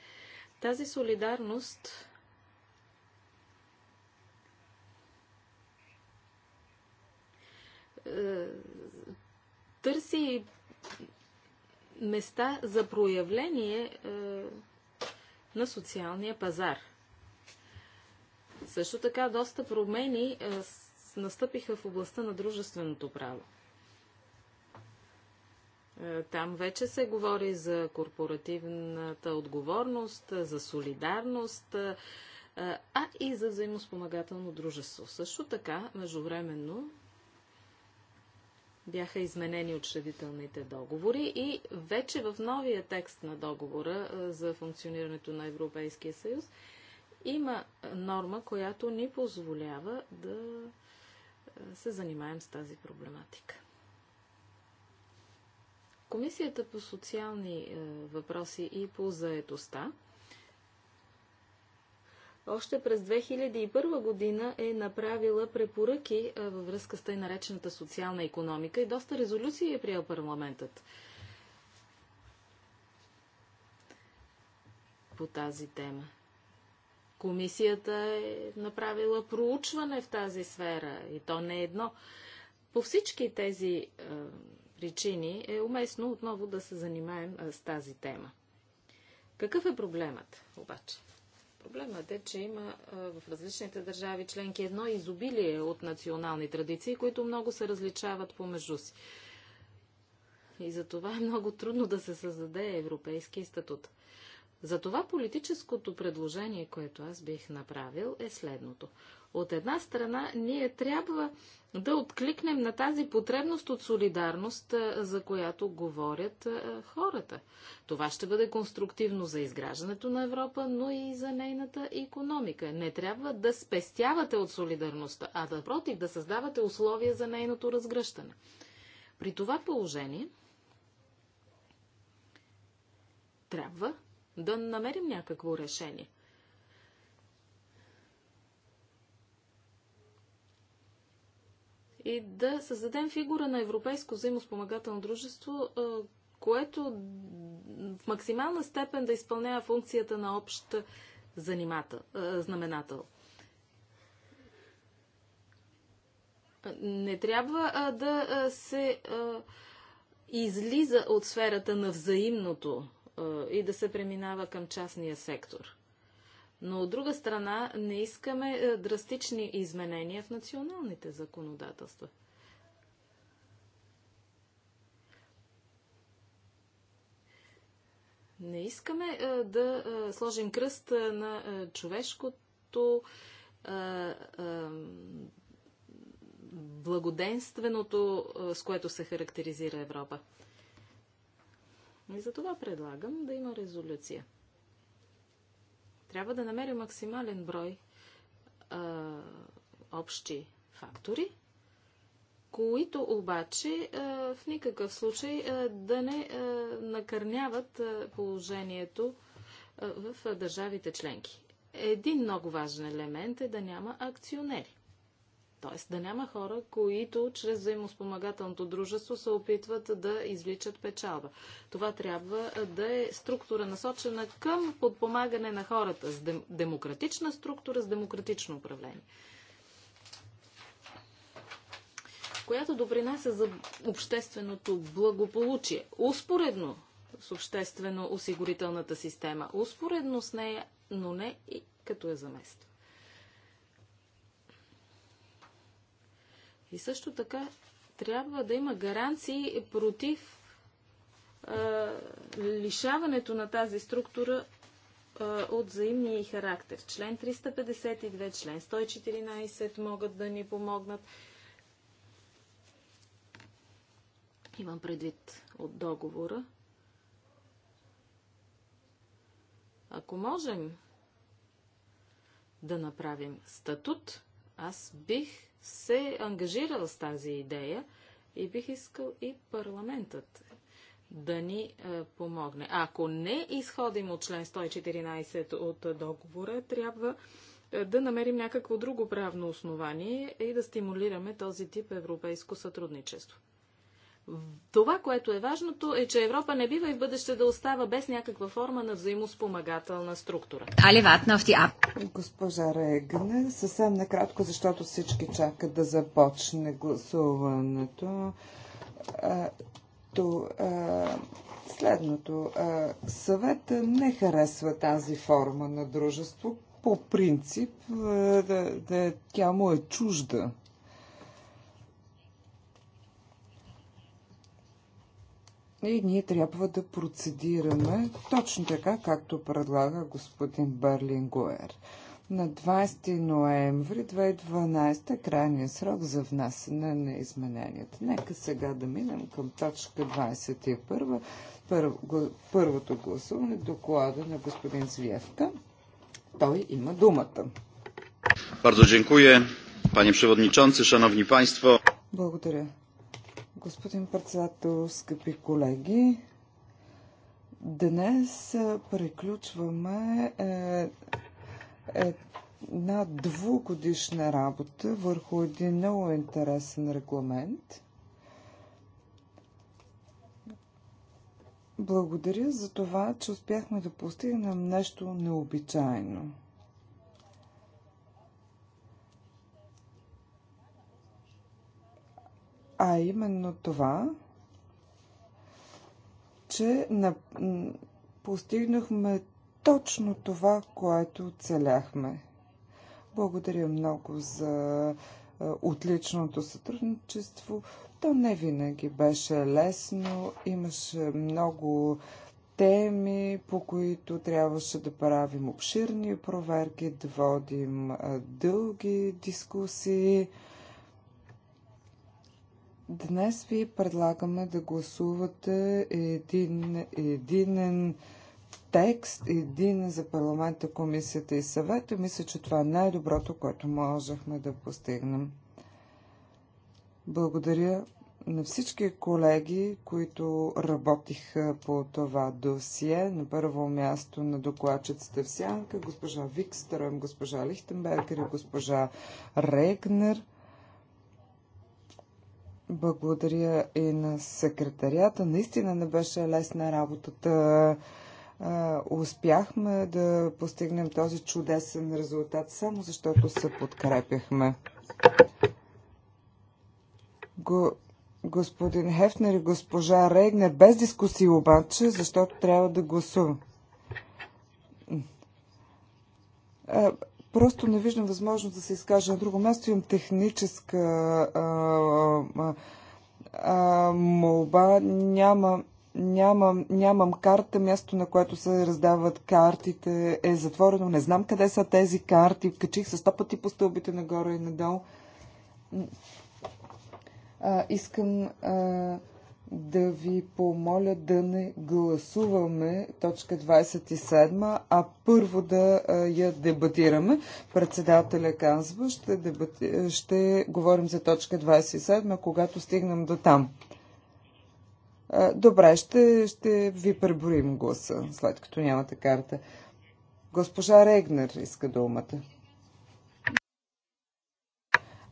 Тази солидарност търси места за проявление на социалния пазар – също така доста промени е, настъпиха в областта на дружественото право. Е, там вече се говори за корпоративната отговорност, за солидарност, е, а и за взаимоспомагателно дружество. Също така, междувременно, бяха изменени учредителните договори и вече в новия текст на договора за функционирането на Европейския съюз има норма, която ни позволява да е, се занимаем с тази проблематика. Комисията по социални е, въпроси и по заетостта още през 2001 година е направила препоръки е, във връзка с тъй наречената социална економика и доста резолюции е приел парламентът по тази тема. Комисията е направила проучване в тази сфера и то не е едно. По всички тези е, причини е уместно отново да се занимаем е, с тази тема. Какъв е проблемът обаче? Проблемът е, че има е, в различните държави членки едно изобилие от национални традиции, които много се различават помежду си. И за това е много трудно да се създаде европейски статут. Затова политическото предложение, което аз бих направил, е следното. От една страна, ние трябва да откликнем на тази потребност от солидарност, за която говорят хората. Това ще бъде конструктивно за изграждането на Европа, но и за нейната економика. Не трябва да спестявате от солидарността, а да против да създавате условия за нейното разгръщане. При това положение трябва да намерим някакво решение. И да създадем фигура на Европейско взаимоспомагателно дружество, което в максимална степен да изпълнява функцията на общ занимател, знаменател. Не трябва да се излиза от сферата на взаимното и да се преминава към частния сектор. Но от друга страна не искаме е, драстични изменения в националните законодателства. Не искаме е, да е, сложим кръст на човешкото благоденственото, с което се характеризира Европа. И за това предлагам да има резолюция. Трябва да намерим максимален брой а, общи фактори, които обаче а, в никакъв случай а, да не а, накърняват а, положението а, в а, държавите членки. Един много важен елемент е да няма акционери. Тоест да няма хора, които чрез взаимоспомагателното дружество се опитват да извличат печалба. Това трябва да е структура насочена към подпомагане на хората с демократична структура, с демократично управление която допринася за общественото благополучие. Успоредно с обществено-осигурителната система, успоредно с нея, но не и като я замества. И също така трябва да има гаранции против а, лишаването на тази структура а, от взаимния характер. Член 352, член 114 могат да ни помогнат. Имам предвид от договора. Ако можем да направим статут, аз бих се е ангажирал с тази идея и бих искал и парламентът да ни е, помогне. Ако не изходим от член 114 от договора, трябва е, да намерим някакво друго правно основание и да стимулираме този тип европейско сътрудничество. Това, което е важното, е, че Европа не бива и в бъдеще да остава без някаква форма на взаимоспомагателна структура. Госпожа Регне, съвсем накратко, защото всички чакат да започне гласуването. то, следното. Съвета не харесва тази форма на дружество. По принцип, да, да, тя му е чужда. И ние трябва да процедираме точно така, както предлага господин Берлингуер. На 20 ноември 2012 е крайния срок за внасяне на измененията. Нека сега да минем към точка 21. Първо, първото гласуване, доклада на господин Звиевка. Той има думата. Bardzo dziękuję, panie przewodniczący, szanowni państwo. Благодаря, господин председател, скъпи колеги. Днес приключваме е, е, една двугодишна работа върху един много интересен регламент. Благодаря за това, че успяхме да постигнем нещо необичайно. а именно това, че на, постигнахме точно това, което целяхме. Благодаря много за е, отличното сътрудничество. То не винаги беше лесно. Имаше много теми, по които трябваше да правим обширни проверки, да водим е, дълги дискусии. Днес ви предлагаме да гласувате един, единен текст, един за парламента, комисията и съвета. Мисля, че това е най-доброто, което можехме да постигнем. Благодаря на всички колеги, които работиха по това досие. На първо място на докладчицата в Сянка, госпожа Викстърън, госпожа Лихтенбергер и госпожа Регнер. Благодаря и на секретарията. Наистина не беше лесна работата. Успяхме да постигнем този чудесен резултат, само защото се подкрепяхме. Го, господин Хефнер и госпожа Рейгнер, без дискусии обаче, защото трябва да гласувам. Просто не виждам възможност да се изкажа на друго място. Имам техническа а, а, молба. Няма, нямам, нямам карта. Място, на което се раздават картите е затворено. Не знам къде са тези карти. Качих се сто пъти по стълбите нагоре и надолу. А, искам... А, да ви помоля да не гласуваме точка 27, а първо да я дебатираме. Председателя казва, ще, дебати... ще говорим за точка 27, когато стигнем до там. Добре, ще, ще ви преброим гласа, след като нямате карта. Госпожа Регнер иска думата.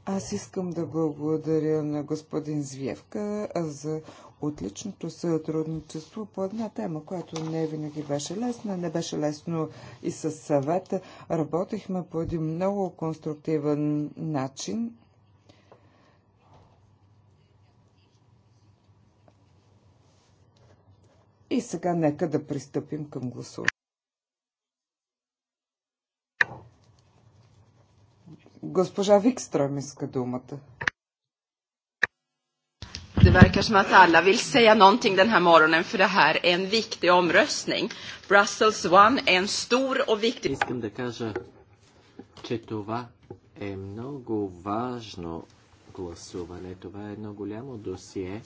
Аз искам да благодаря на господин Звевка за отличното сътрудничество по една тема, която не винаги беше лесна, не беше лесно и с съвета. Работихме по един много конструктивен начин И сега нека да пристъпим към гласуване. Госпожа Викстром иска думата. Det verkar som att alla vill säga någonting den här morgonen för det här är en viktig omröstning. Brussels One är en stor och viktig... Det да кажа, че mycket е много важно гласуване. är en едно голямо досие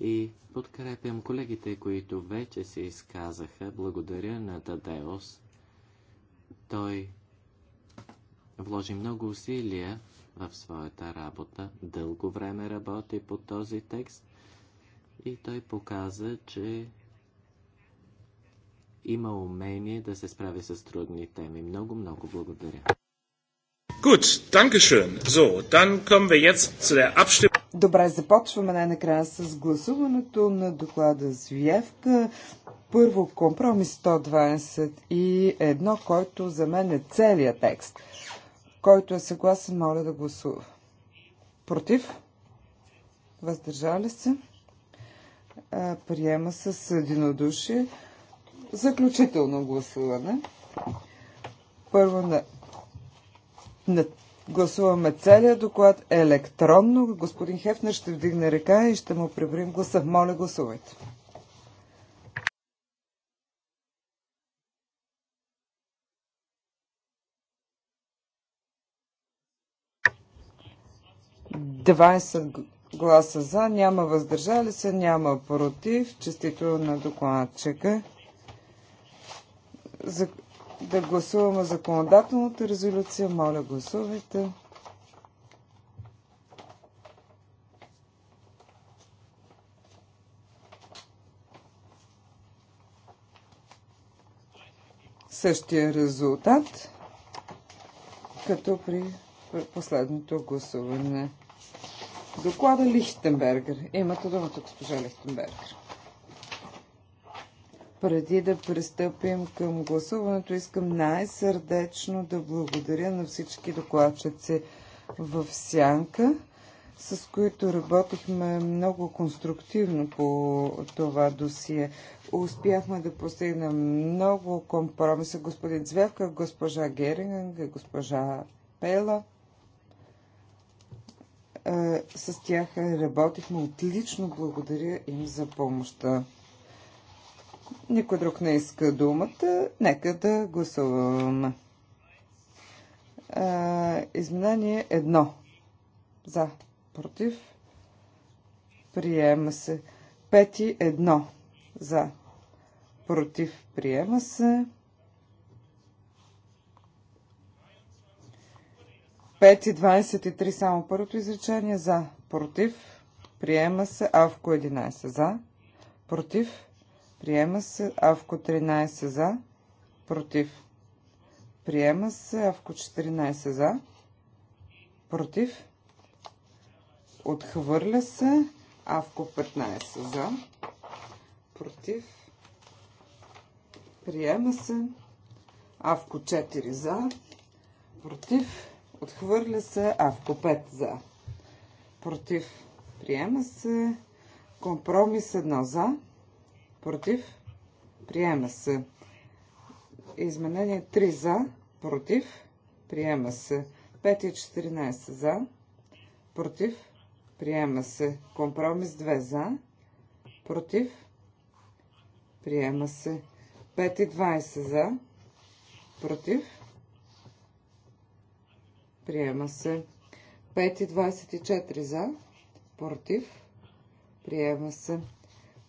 и подкрепям колегите, които вече се изказаха. Благодаря на Тадеос. Той вложи много усилия в своята работа. Дълго време работи по този текст и той показа, че има умение да се справи с трудни теми. Много, много благодаря. Gut, danke schön. So, dann kommen wir jetzt zu der Abstimmung. Добре, започваме най-накрая с гласуването на доклада Звиевка. Първо компромис 121, който за мен е целият текст. Който е съгласен, моля да гласува. Против? Въздържали се? Приема се с единодушие. Заключително гласуване. Първо на, на Гласуваме целият доклад електронно. Господин Хефнер ще вдигне ръка и ще му приборим гласа. Моля, гласувайте. 20 гласа за, няма въздържали се, няма против. Честито на докладчика. За, да гласуваме законодателната резолюция. Моля, гласувайте. Същия резултат, като при последното гласуване. Доклада Лихтенбергер. Имате думата, госпожа Лихтенбергер. Преди да пристъпим към гласуването, искам най-сърдечно да благодаря на всички докладчици в Сянка, с които работихме много конструктивно по това досие. Успяхме да постигнем много компромиса господин Звявка, госпожа Геринг, госпожа Пела – с тях работихме отлично. Благодаря им за помощта. Никой друг не иска думата. Нека да гласуваме. Изменение едно. За. Против. Приема се. Пети едно. За. Против. Приема се. 5.23 23 само първото изречение за, против, приема се, авко 11 за, против, приема се, авко 13 за, против, приема се, авко 14 за, против, отхвърля се, авко 15 за, против, приема се, авко 4 за, против, Отхвърля се Авко 5 за. Против. Приема се. Компромис 1 за. Против. Приема се. Изменение 3 за. Против. Приема се. 5 и 14 за. Против. Приема се. Компромис 2 за. Против. Приема се. 5 и 20 за. Против. Приема се. 5,24 за. Против. Приема се.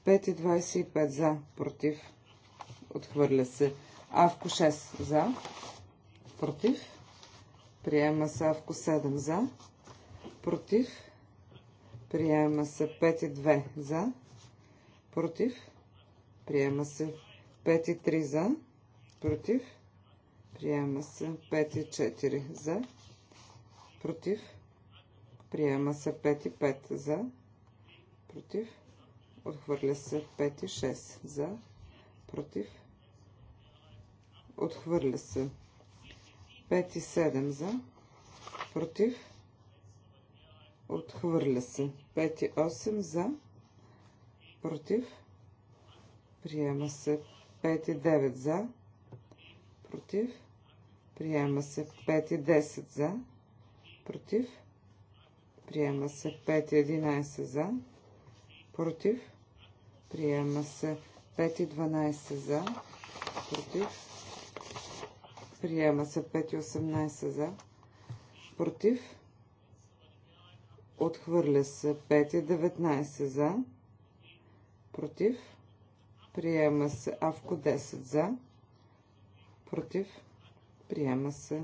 5,25 за. Против. Отхвърля се. Авко 6 за. Против. Приема се. Авко 7 за. Против. Приема се. 5,2 за. Против. Приема се. 5,3 за. Против. Приема се. 5,4 за против, приема се 5 и 5 за, против, отхвърля се 5 и 6 за, против, отхвърля се 5 и 7 за, против, отхвърля се 5 и 8 за, против, приема се 5 и 9 за, против, приема се 5 и 10 за, против, приема се 5 11 за, против, приема се 5 12 за, против, приема се 5 18 за, против, отхвърля се 5 19 за, против, приема се авко 10 за, против, приема се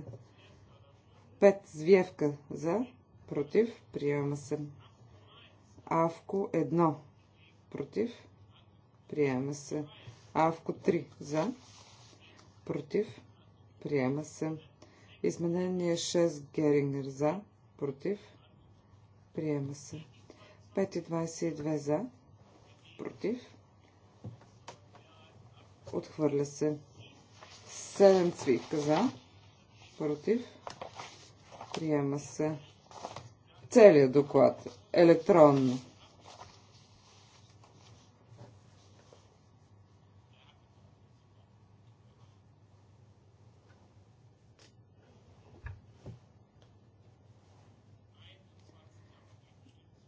5 звиевка за, против, приема се. Авко 1 против, приема се. Авко 3 за, против, приема се. Изменение 6 Герингер за, против, приема се. 5,22 за, против, отхвърля се. 7 цвивка за, против, Приема се. Целият доклад. Електронно.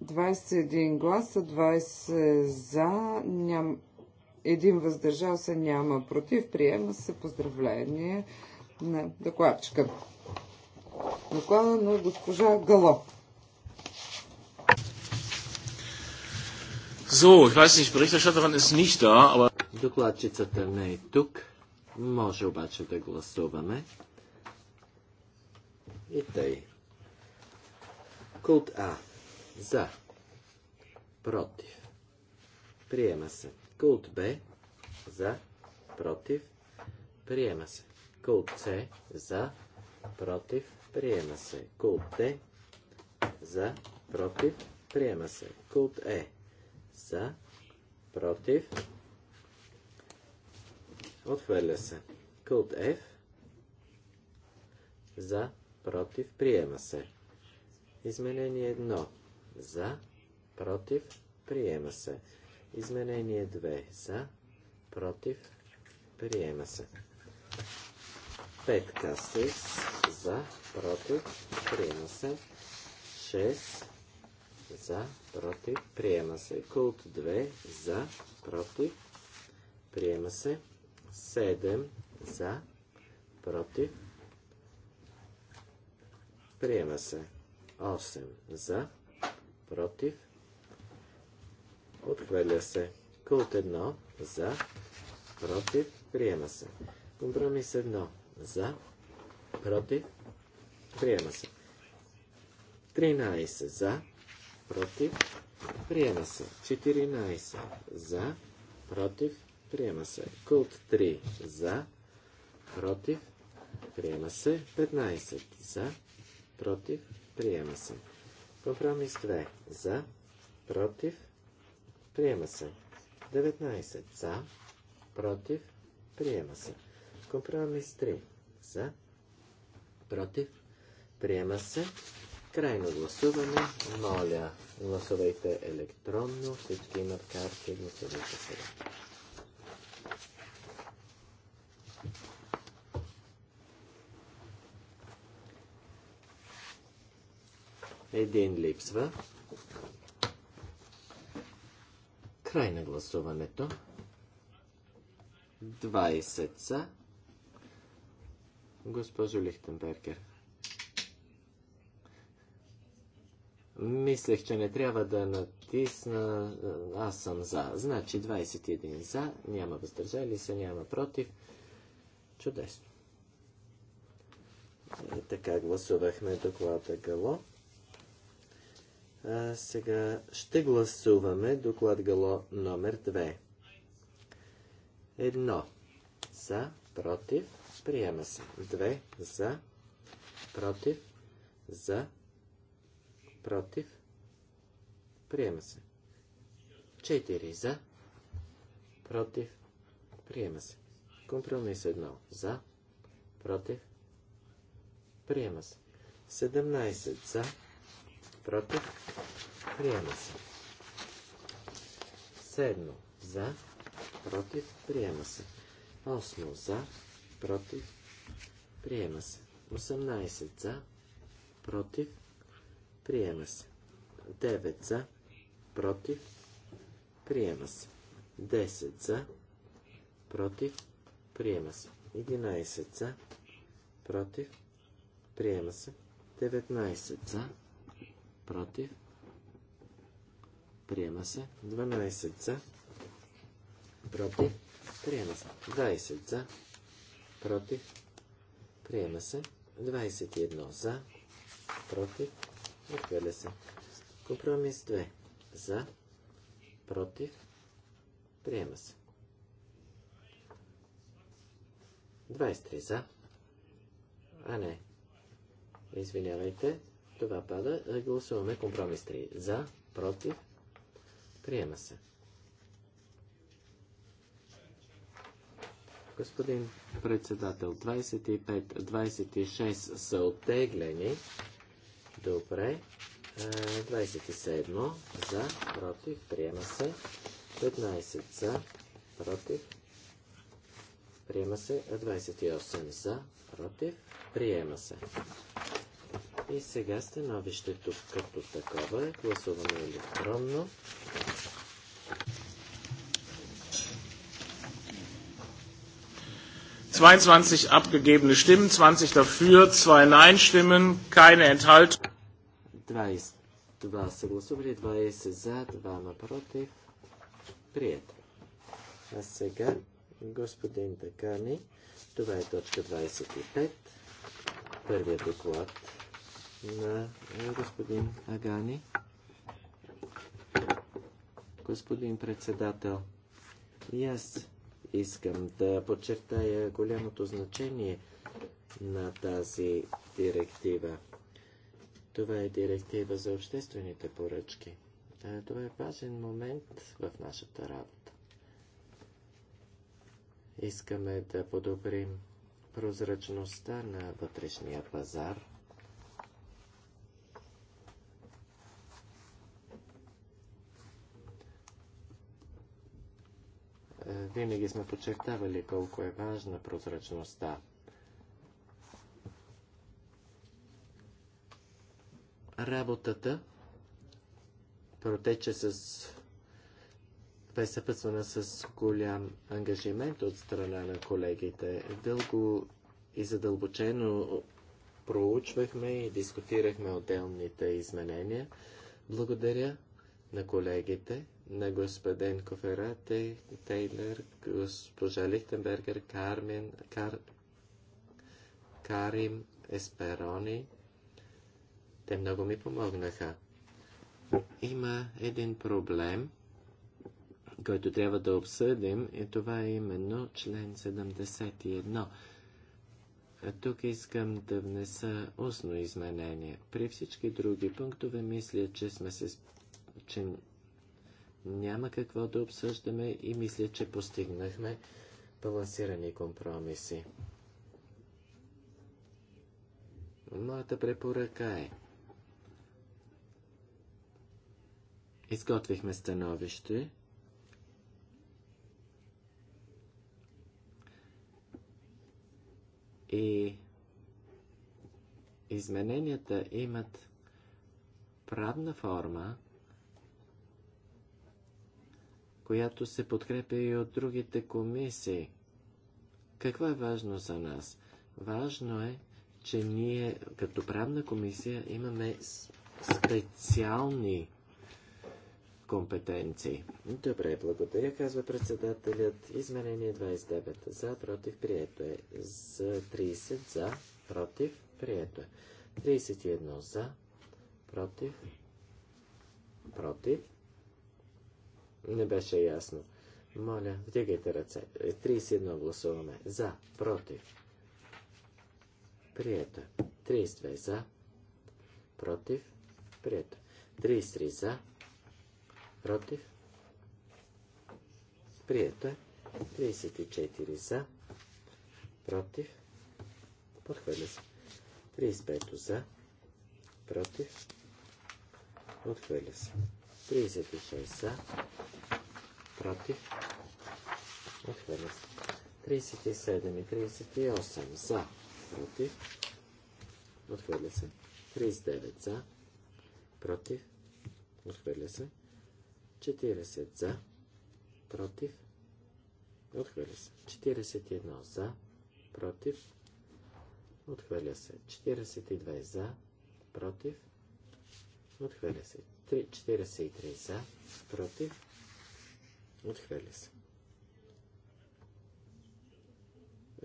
Двадесет един гласа, 20 за, ням... един въздържал се, няма против. Приема се поздравление на докладчика доклада на госпожа Гало. So, ich weiß nicht, Berichterstatterin ist nicht da, aber... Докладчицата не е тук. Може обаче да гласуваме. И тъй. Култ А. За. Против. Приема се. Култ Б. За. Против. Приема се. Култ С. За. Против приема се. Култ Д е. за, против, приема се. Култ Е за, против, отхвърля се. Култ Ф, за, против, приема се. Изменение 1 за, против, приема се. Изменение 2 за, против, приема се. 5 Кастекс за, против, приема се. 6 за, против, приема се. Култ 2 за, против, приема се. 7 за, против, приема се. 8 за, против, отхвърля се. Култ 1 за, против, приема се. Компромис 1 за. Против. Приема се. 13 за. Против. Приема се. 14 за. Против. Приема се. Култ 3 за. Против. Приема се. 15 за. Против. Приема се. Компромис 2 за. Против. Приема се. 19 за. Против. Приема се. Компромис 3 за. Против. Приема се. Крайно гласуване. Моля, гласувайте електронно. Всички имат карти. Гласувайте сега. Един липсва. Край на гласуването. 20 са Госпожо Лихтенбергер, мислех, че не трябва да натисна. Аз съм за. Значи 21 за, няма въздържали се, няма против. Чудесно. И е, така гласувахме доклада Гало. А сега ще гласуваме доклад Гало номер 2. Едно. За, против, Приема се. Две за, против, за, против, приема се. Четири за, против, приема се. Компромис едно. За, против, приема се. Седемнайсет за, против, приема се. Седмо за, против, приема се. Осмо за, против, приема се. 18 за, против, приема се. 9 за, против, приема се. 10 за, против, приема се. 11 за, против, приема се. 19 за, против, приема се. 12 за, против, приема се. 20 за, против, приема се. 21 за, против, отхвърля се. Компромис 2 за, против, приема се. 23 за, а не, извинявайте, това пада, гласуваме компромис 3 за, против, приема се. Господин председател, 25, 26 са оттеглени. Добре. 27 е, за, против, приема се. 15 за, против, приема се. 28 за, против, приема се. И сега становището като такова е. гласуваме електронно. 22 abgegebene Stimmen, 20 dafür, 2 Nein-Stimmen, keine Enthaltung. 20. Това са гласували 20 за, 2 против. Прият. А сега господин Такани. Това е точка 25. Първият доклад на е, господин Агани. Господин председател, и аз Искам да подчертая голямото значение на тази директива. Това е директива за обществените поръчки. Това е важен момент в нашата работа. Искаме да подобрим прозрачността на вътрешния пазар Е, винаги сме подчертавали колко е важна прозрачността. Работата протече с бе съпътствана с голям ангажимент от страна на колегите. Дълго и задълбочено проучвахме и дискутирахме отделните изменения. Благодаря на колегите на господин Коферате, Тейлер, госпожа Лихтенбергер, Кармен, Кар... Карим, Есперони. Те много ми помогнаха. Има един проблем, който трябва да обсъдим и това е именно член 71. А тук искам да внеса устно изменение. При всички други пунктове мисля, че сме се че няма какво да обсъждаме и мисля, че постигнахме балансирани компромиси. Моята препоръка е. Изготвихме становище. И измененията имат правна форма, която се подкрепя и от другите комисии. Какво е важно за нас? Важно е, че ние като правна комисия имаме специални компетенции. Добре, благодаря, казва председателят. Изменение 29 за, против, прието е. За 30 за, против, прието е. 31 за, против, против, не беше ясно. Моля, вдигайте ръце. 31 е, гласуваме. За, против. Прието. 32 за. Против. Прието. 33 за. Против. Прието е. 34 за. Против. Подхвърля се. 35 за. Против. Отхвърля се. 36 за, против, отхвърля се. 37 и 38 за, против, отхвърля се. 39 за, против, отхвърля се. 40 за, против, отхвърля се. 41 за, против, отхвърля се. 42 за, против, отхвърля се. 43 за, против, отхвърля се.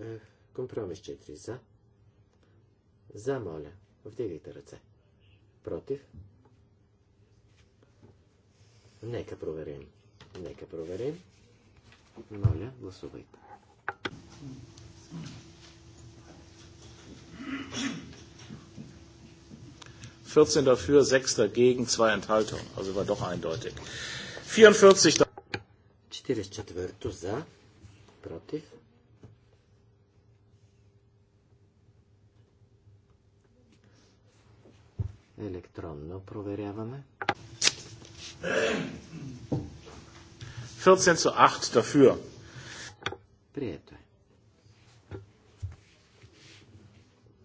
Е, компромис 4 за. За, моля, вдигайте ръце. Против. Нека проверим. Нека проверим. Моля, гласувайте. Thank you. 14 dafür, 6 dagegen, 2 Enthaltungen. Also war doch eindeutig. 44 44 Za. против. Електронно 14 zu 8 dafür. Prieto.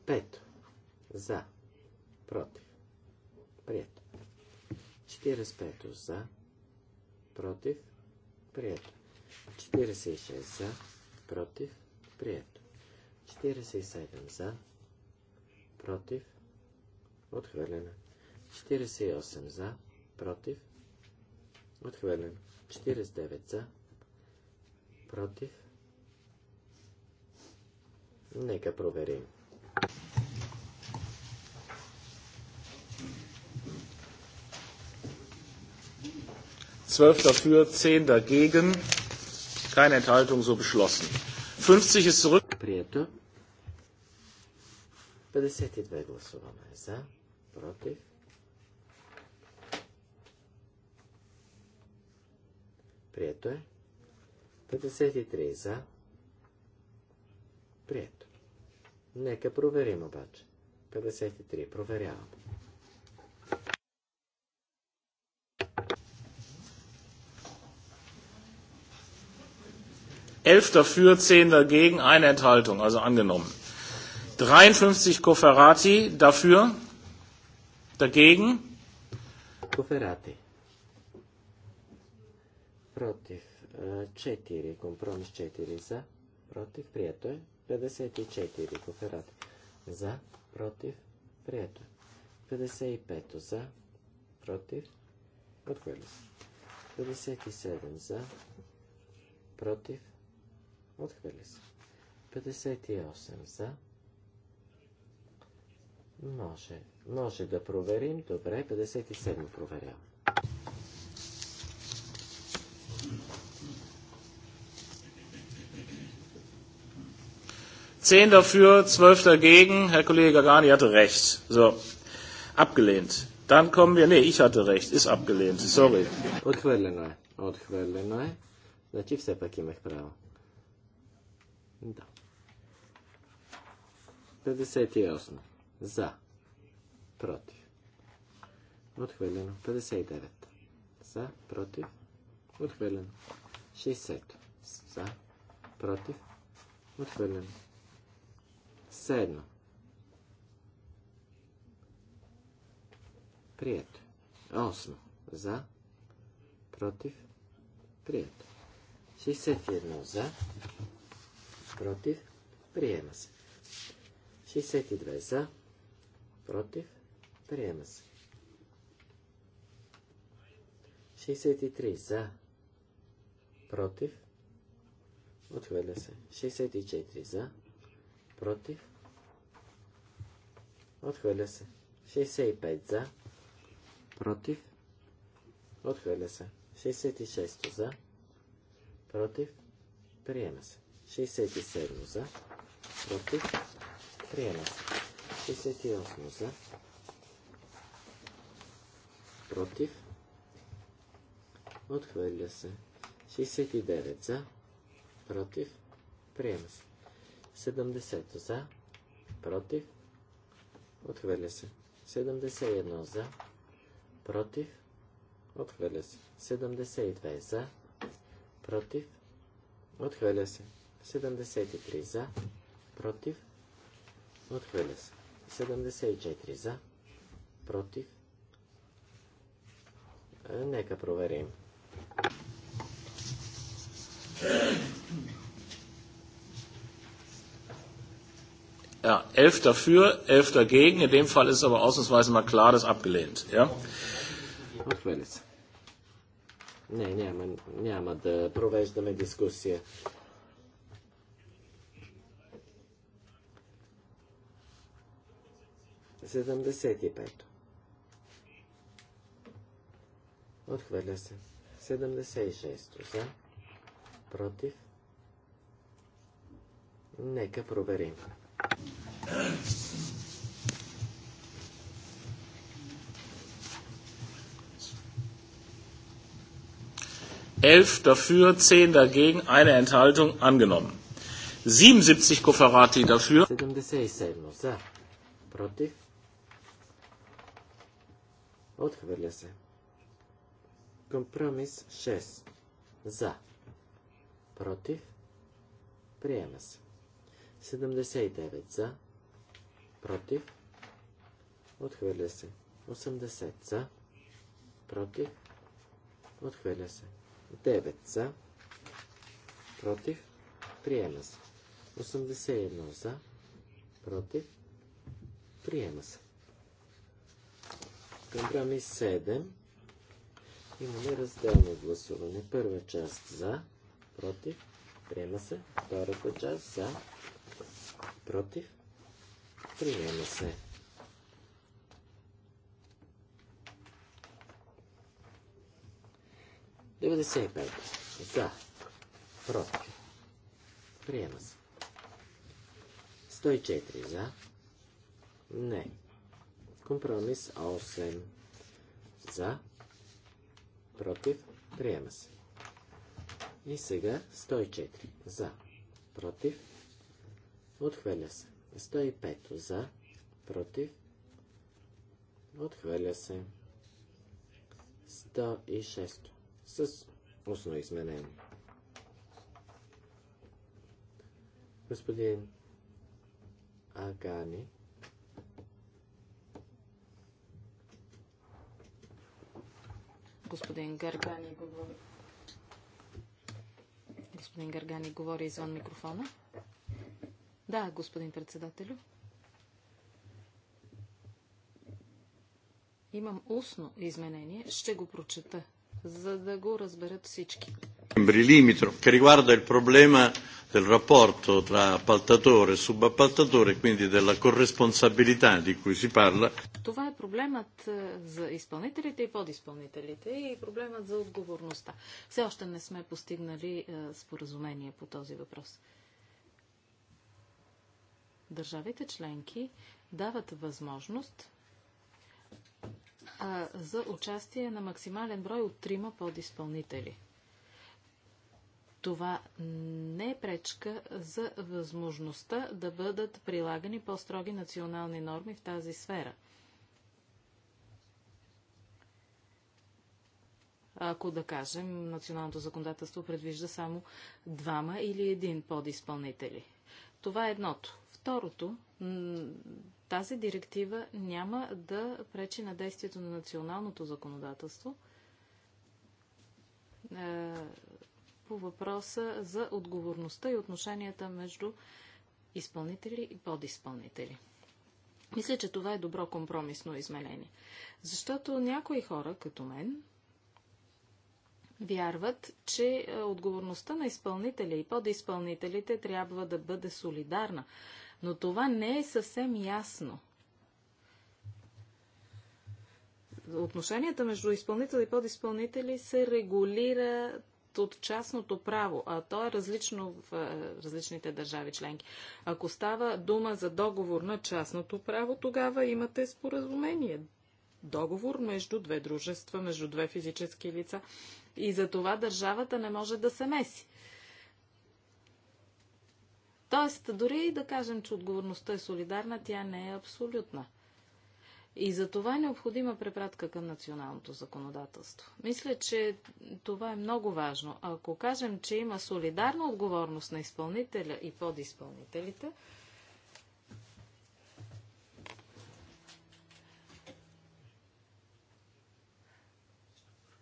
Pet. Za. За. 45 за, против, прието. 46 за, против, прието. 47 за, против, отхвърлено. 48 за, против, отхвърлено. 49 за, против. Нека проверим. 12 dafür, 10 dagegen, keine Enthaltung, so beschlossen. 50 ist zurück. 52 гласуваме за, против. 53 е. за. Прието. Нека проверим обаче. 53. Проверявам. Elf dafür, zehn dagegen, eine Enthaltung, also angenommen. 53 Koferati dafür, dagegen. Koferati. Против. 4. Компромис 4 за. Против. Прието е. 54. Коферати. За. Против. Прието е. 55. За. Против. Отхвърля се. 57. За. Против. Отхвърля се. 58 за. Може. Може да проверим. Добре, 57 проверявам. Zehn dafür, zwölf dagegen. Herr Kollege Gagani hatte recht. So, abgelehnt. Dann kommen wir, nee, ich hatte recht, ist abgelehnt, sorry. Отхвърлено е. Отхвърлено е. Значи все пак имах право. Да. 58. За. Против. Отхвърлено. 59. За. Против. Отхвърлено. 60. За. Против. Отхвърлено. 7. Прието. 8. За. Против. Прието. 61. За против, приема се. 62 за, против, приема се. 63 за, против, отхвърля се. 64 за, против, отхвърля се. 65 за, против, отхвърля се. 66 за, против, приема се. 67 за, против, приема се. 68 за, против, отхвърля се. 69 за, против, приема се. 70 за, против, отхвърля се. 71 за, против, отхвърля се. 72 за, против, отхвърля се. 73 за, против, отхвърля се. 74 за, против. Нека проверим. Ja, elf dafür, elf dagegen. In dem Fall ist aber ausnahmsweise mal klar, das abgelehnt. Ja? nein, nein, nein, nein, nein, nein 75. Отхвърля се. 76 за. Против. Нека проверим. Elf dafür, zehn dagegen, eine Enthaltung angenommen. 77 Kofferati dafür. 77 за. Против. Отхвърля се. Компромис 6. За. Против. Приема се. 79 за. Против. Отхвърля се. 80 за. Против. Отхвърля се. 9 за. Против. Приема се. 81 за. Против. Приема се. Компромис 7. Имаме разделно гласуване. Първа част за, против, приема се. Втората част за, против, приема се. За. Против. Приема се. 104 за. Не. Компромис 8. За. Против. Приема се. И сега 104. За. Против. Отхвърля се. 105. За. Против. Отхвърля се. 106. С устно изменение. Господин Агани Господин Гаргани говори. Господин Гаргани говори извън микрофона. Да, господин председателю. Имам устно изменение. Ще го прочета, за да го разберат всички limitro che riguarda il problema del rapporto tra appaltatore e subappaltatore, quindi della corresponsabilità di cui si parla. Това е проблемът е, за изпълнителите и подиспълнителите и проблемът за отговорността. Все още не сме постигнали е, споразумение по този въпрос. Държавите членки дават възможност е, за участие на максимален брой от трима подиспълнители това не е пречка за възможността да бъдат прилагани по-строги национални норми в тази сфера. Ако, да кажем, националното законодателство предвижда само двама или един подизпълнители. Това е едното. Второто, тази директива няма да пречи на действието на националното законодателство е, по въпроса за отговорността и отношенията между изпълнители и подизпълнители. Мисля, че това е добро компромисно изменение. Защото някои хора, като мен, вярват, че е, отговорността на изпълнителя и подизпълнителите трябва да бъде солидарна. Но това не е съвсем ясно. Отношенията между изпълнители и подизпълнители се регулират от частното право, а то е различно в е, различните държави членки. Ако става дума за договор на частното право, тогава имате споразумение. Договор между две дружества, между две физически лица. И за това държавата не може да се меси. Тоест, дори и да кажем, че отговорността е солидарна, тя не е абсолютна. И за това е необходима препратка към националното законодателство. Мисля, че това е много важно. Ако кажем, че има солидарна отговорност на изпълнителя и подизпълнителите,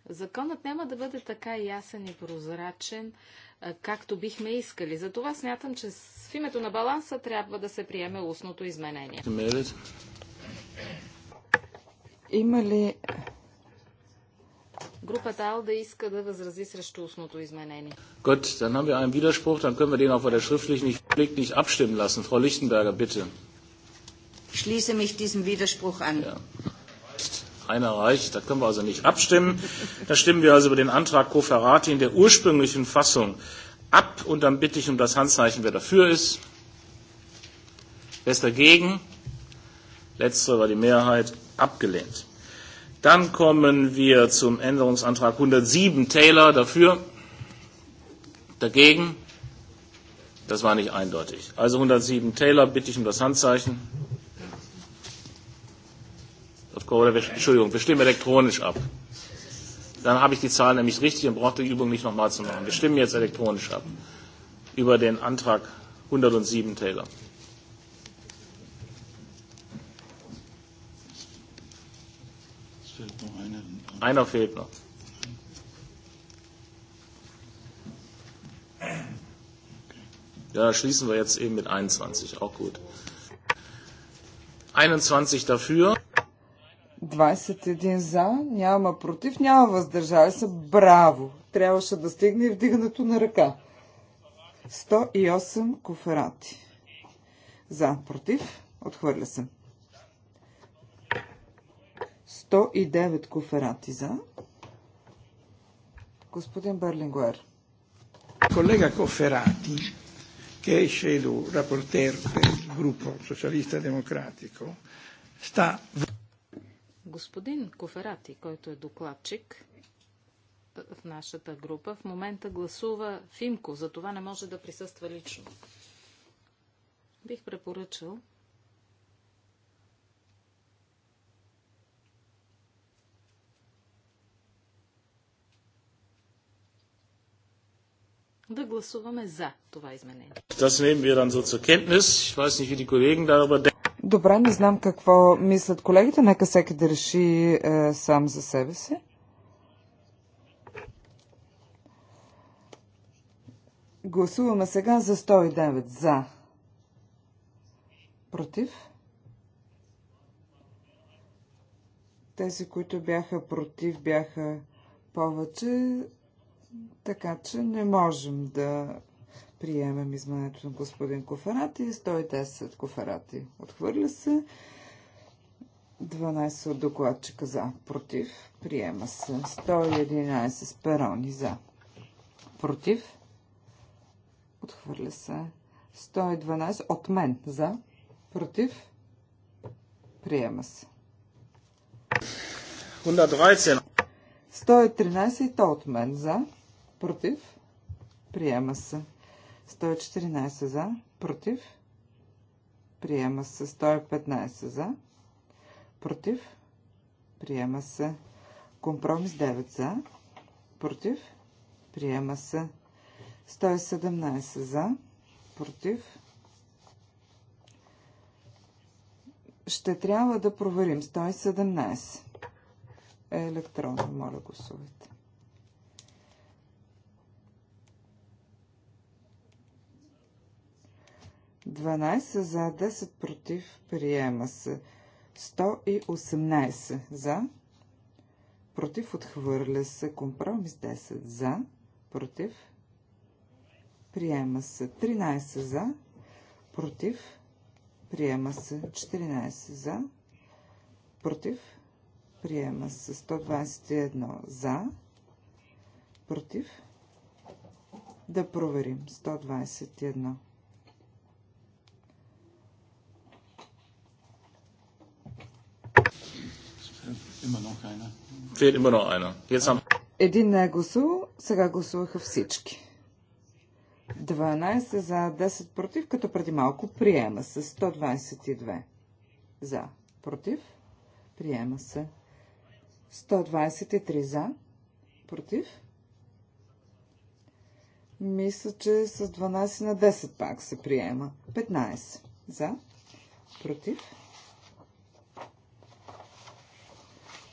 Законът няма да бъде така ясен и прозрачен, както бихме искали. Затова смятам, че в името на баланса трябва да се приеме устното изменение. Има ли... Групата Алда иска да възрази срещу устното изменение. Gut, dann haben wir einen Widerspruch, dann können wir den auch bei der schriftlichen Blick nicht abstimmen lassen. Frau Lichtenberger, bitte. Ich schließe mich diesem Widerspruch an. Ja einer reicht, da können wir also nicht abstimmen. Da stimmen wir also über den Antrag Koferati in der ursprünglichen Fassung ab und dann bitte ich um das Handzeichen, wer dafür ist. Wer ist dagegen? Letztere war die Mehrheit. Abgelehnt. Dann kommen wir zum Änderungsantrag 107 Taylor dafür. Dagegen? Das war nicht eindeutig. Also 107 Taylor, bitte ich um das Handzeichen. wir, Entschuldigung, wir stimmen elektronisch ab. Dann habe ich die Zahl nämlich richtig und brauche die Übung nicht nochmal zu machen. Wir stimmen jetzt elektronisch ab über den Antrag 107 Taylor. Einer fehlt noch. Ja, schließen wir jetzt eben mit 21. Auch gut. 21 dafür. 21 за, няма против, няма въздържали се. Браво! Трябваше да стигне вдигането на ръка. 108 коферати. За, против, отхвърля се. 109 коферати за. Господин Берлингуер. Колега Коферати, che è Shadow Rapporteur per il gruppo socialista democratico, sta... Господин Коферати, който е докладчик е, в нашата група, в момента гласува в Имко, това не може да присъства лично. Бих препоръчал да гласуваме за това изменение. Добре, не знам какво мислят колегите. Нека всеки да реши е, сам за себе си. Гласуваме сега за 109 за. Против? Тези, които бяха против, бяха повече. Така че не можем да приемем изменението на господин Коферати. 110 Коферати отхвърля се. 12 от докладчика за. Против. Приема се. 111 с перони за. Против. Отхвърля се. 112 от мен за. Против. Приема се. 113 и то от мен за против, приема се. 114 за, против, приема се. 115 за, против, приема се. Компромис 9 за, против, приема се. 117 за, против. Ще трябва да проверим 117. Електронно, моля гласувайте. 12 за, 10 против, приема се. 118 за, против, отхвърля се. Компромис 10 за, против, приема се. 13 за, против, приема се. 14 за, против, приема се. 121 за, против, да проверим. 121. Immer noch einer. Един не е гласувал, сега гласуваха всички. 12 за, 10 против, като преди малко приема се. 122 за, против, приема се. 123 за, против. Мисля, че с 12 на 10 пак се приема. 15 за, против.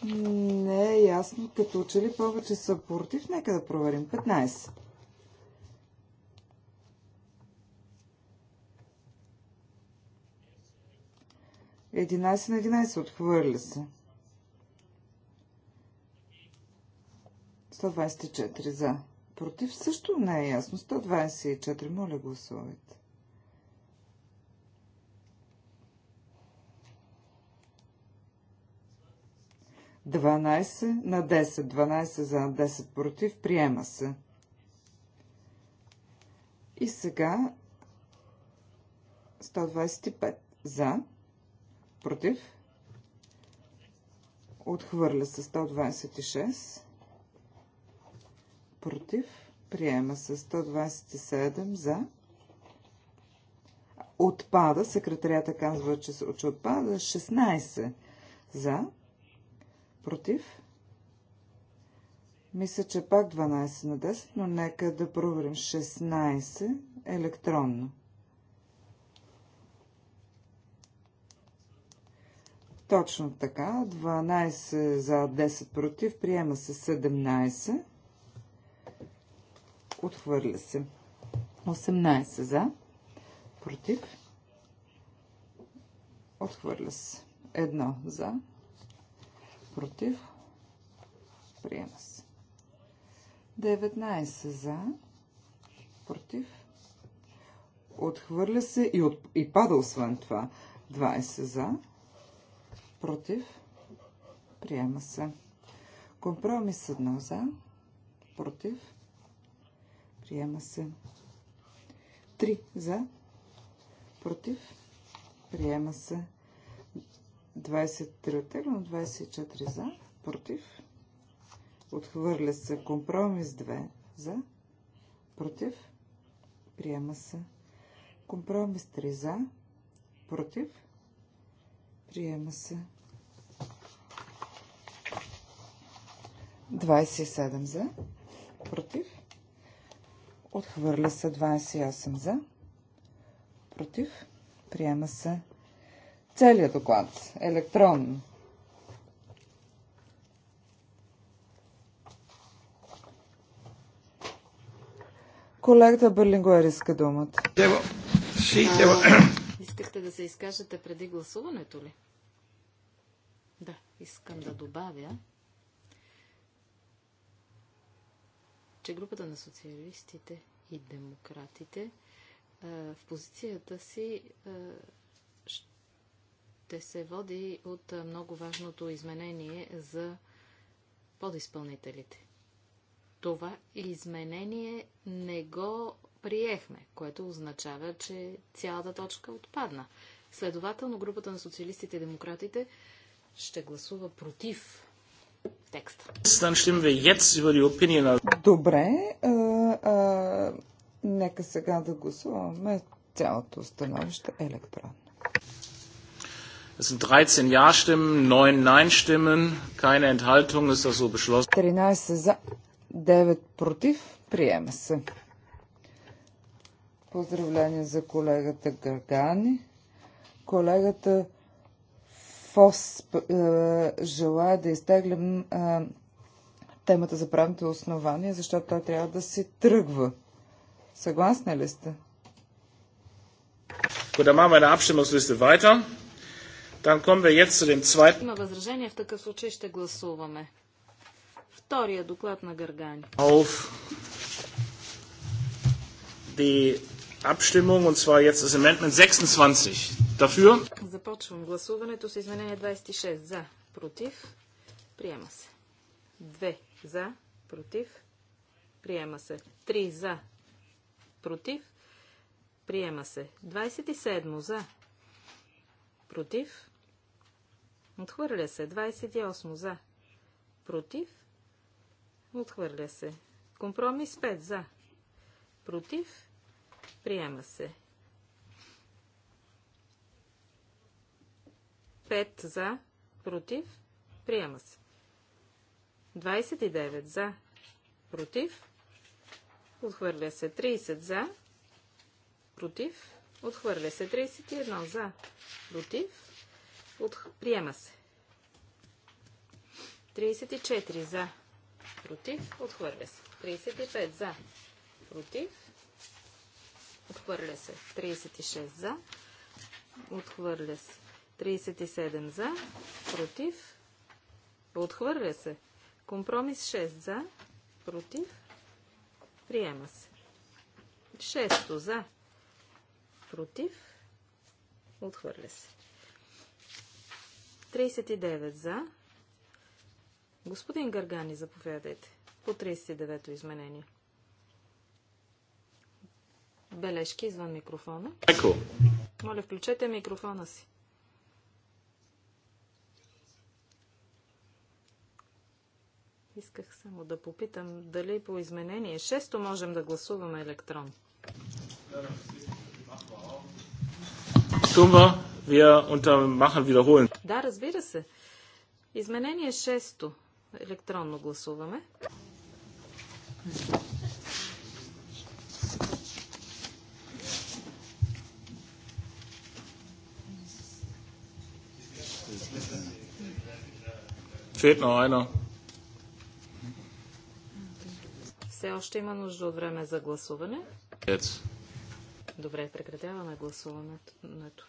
Не е ясно, като че ли повече са против. Нека да проверим. 15. 11 на 11 отхвърли се. 124 за. Против също не е ясно. 124. Моля гласувайте. 12 на 10. 12 за 10 против. Приема се. И сега 125 за против. Отхвърля се 126 против. Приема се 127 за отпада, секретарията казва, че, отпада, 16 за, Против? Мисля, че пак 12 на 10, но нека да проверим 16 електронно. Точно така. 12 за 10 против. Приема се 17. Отхвърля се. 18 за. Против. Отхвърля се. 1 за против, приема се. 19 за, против, отхвърля се и, от, и пада освен това. 20 за, против, приема се. Компромис 1 за, против, приема се. 3 за, против, приема се. 23 но 24 за, против. Отхвърля се компромис 2 за, против. Приема се компромис 3 за, против. Приема се 27 за, против. Отхвърля се 28 за, против. Приема се целият доклад електронно. Колегата Берлингуер иска думата. Дево. Искахте да се изкажете преди гласуването ли? Да, искам да добавя, че групата на социалистите и демократите в позицията си ще се води от много важното изменение за подизпълнителите. Това изменение не го приехме, което означава, че цялата точка отпадна. Следователно, групата на социалистите и демократите ще гласува против текста. Добре, а, а, нека сега да гласуваме цялото становище електронно. Es sind 13 Ja-Stimmen, 9 Nein-Stimmen, keine Enthaltung. Ist das so beschlossen? 13 за, 9 против. Приема се. Поздравление за колегата Гаргани. Колегата Фос е, желая да изтеглям е, темата за правните основания, защото той трябва да се тръгва. Съгласни ли сте? Gut, dann machen wir eine Abstimmungsliste weiter. Dann kommen wir jetzt zu dem zweiten. Има възражение, в такъв случай ще гласуваме. Втория доклад на Гаргани. Auf die Abstimmung, und zwar jetzt das Amendment 26. Dafür? Започвам гласуването с изменение 26. За, против, приема се. 2 за, против, приема се. Три за, против, приема се. 27 за, против, Отхвърля се. 28 за. Против. Отхвърля се. Компромис 5 за. Против. Приема се. 5 за. Против. Приема се. 29 за. Против. Отхвърля се. 30 за. Против. Отхвърля се. 31 за. Против. От... Приема се. 34 за. Против. Отхвърля се. 35 за. Против. Отхвърля се. 36 за. Отхвърля се. 37 за. Против. Отхвърля се. Компромис 6 за. Против. Приема се. 6 за. Против. Отхвърля се. 39 за. Господин Гаргани, заповядайте. По 39-то изменение. Бележки извън микрофона. Еко. Моля, включете микрофона си. Исках само да попитам дали по изменение 6 можем да гласуваме електрон. Сума wir untermachen, wiederholen. Да, разбира се. Изменение 6. Електронно гласуваме. Fehlt noch einer. Все още има нужда от време за гласуване. Добре, прекратяваме гласуването.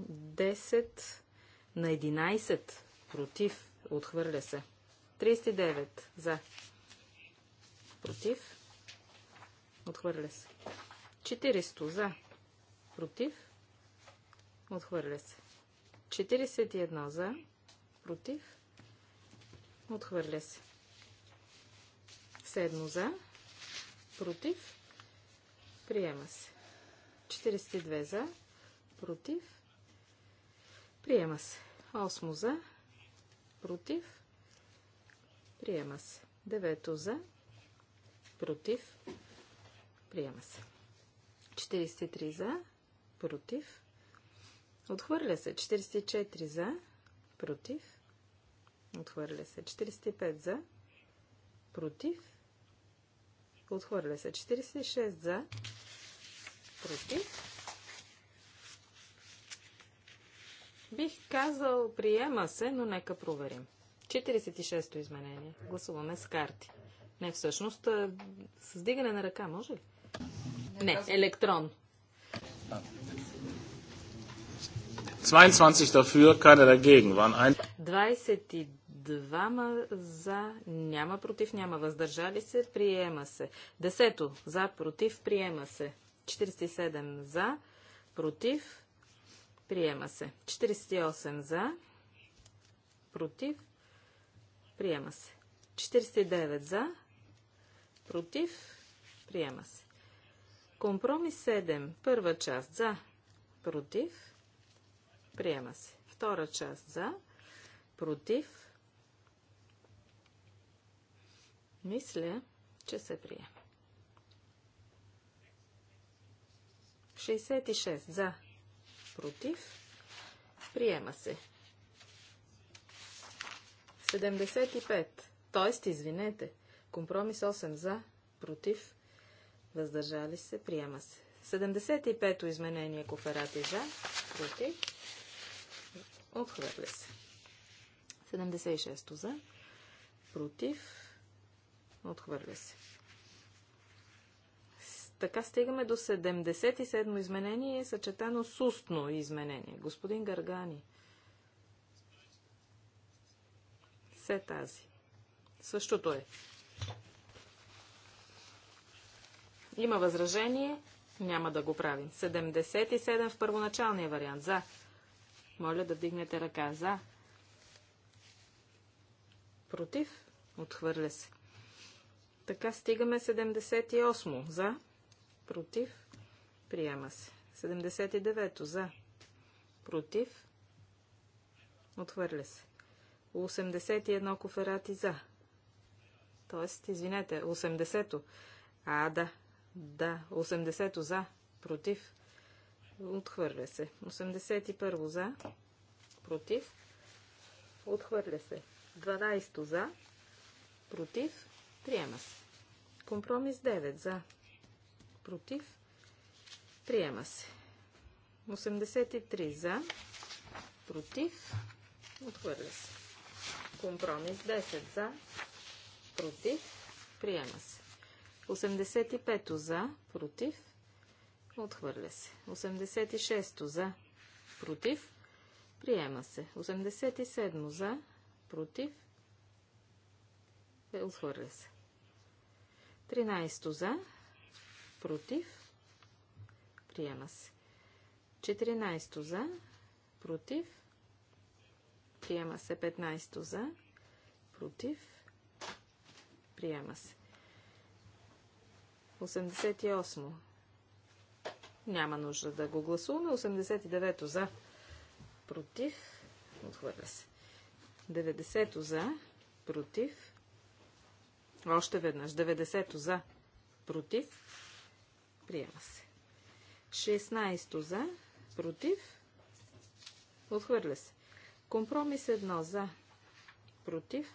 10 на 11 против. Отхвърля се. 39 за. Против. Отхвърля се. 400 за. Против. Отхвърля се. 41 за. Против. Отхвърля се. 7 за. Против. Приема се. 42 за. Против. Приема се. Осмо за. Против. Приема се. Девето за. Против. Приема се. 43 за. Против. Отхвърля се. 44 за. Против. Отхвърля се. 45 за. Против. Отхвърля се. 46 за. Против. Бих казал, приема се, но нека проверим. 46-то изменение. Гласуваме с карти. Не, всъщност, с дигане на ръка, може ли? Не, електрон. 22 22 за, няма против, няма въздържали се, приема се. Десето за, против, приема се. 47 за, против, Приема се. 48 за. Против. Приема се. 49 за. Против. Приема се. Компромис 7. Първа част за. Против. Приема се. Втора част за. Против. Мисля, че се приема. 66 за против, приема се. 75, т.е. извинете, компромис 8 за, против, въздържали се, приема се. 75-то изменение и за, против, отхвърля се. 76-то за, против, отхвърля се. Така стигаме до 77 изменение, е съчетано с устно изменение. Господин Гаргани. Се тази. Същото е. Има възражение, няма да го правим. 77 в първоначалния вариант. За. Моля да вдигнете ръка. За. Против. Отхвърля се. Така стигаме 78 за против, приема се. 79 за, против, отхвърля се. 81 коферати за. Тоест, извинете, 80-то. А, да, да, 80-то за, против, отхвърля се. 81 за, против, отхвърля се. 12 за, против, приема се. Компромис 9 за, против, приема се. 83 за, против, отхвърля се. Компромис 10 за, против, приема се. 85 за, против, отхвърля се. 86 за, против, приема се. 87 за, против, е, отхвърля се. 13 за, против, приема се. 14 за, против, приема се. 15 за, против, приема се. 88. Няма нужда да го гласуваме. 89 за, против, отхвърля се. 90 за, против, още веднъж. 90 за, против, Приема се. 16 за, против, отхвърля се. Компромис 1 за, против.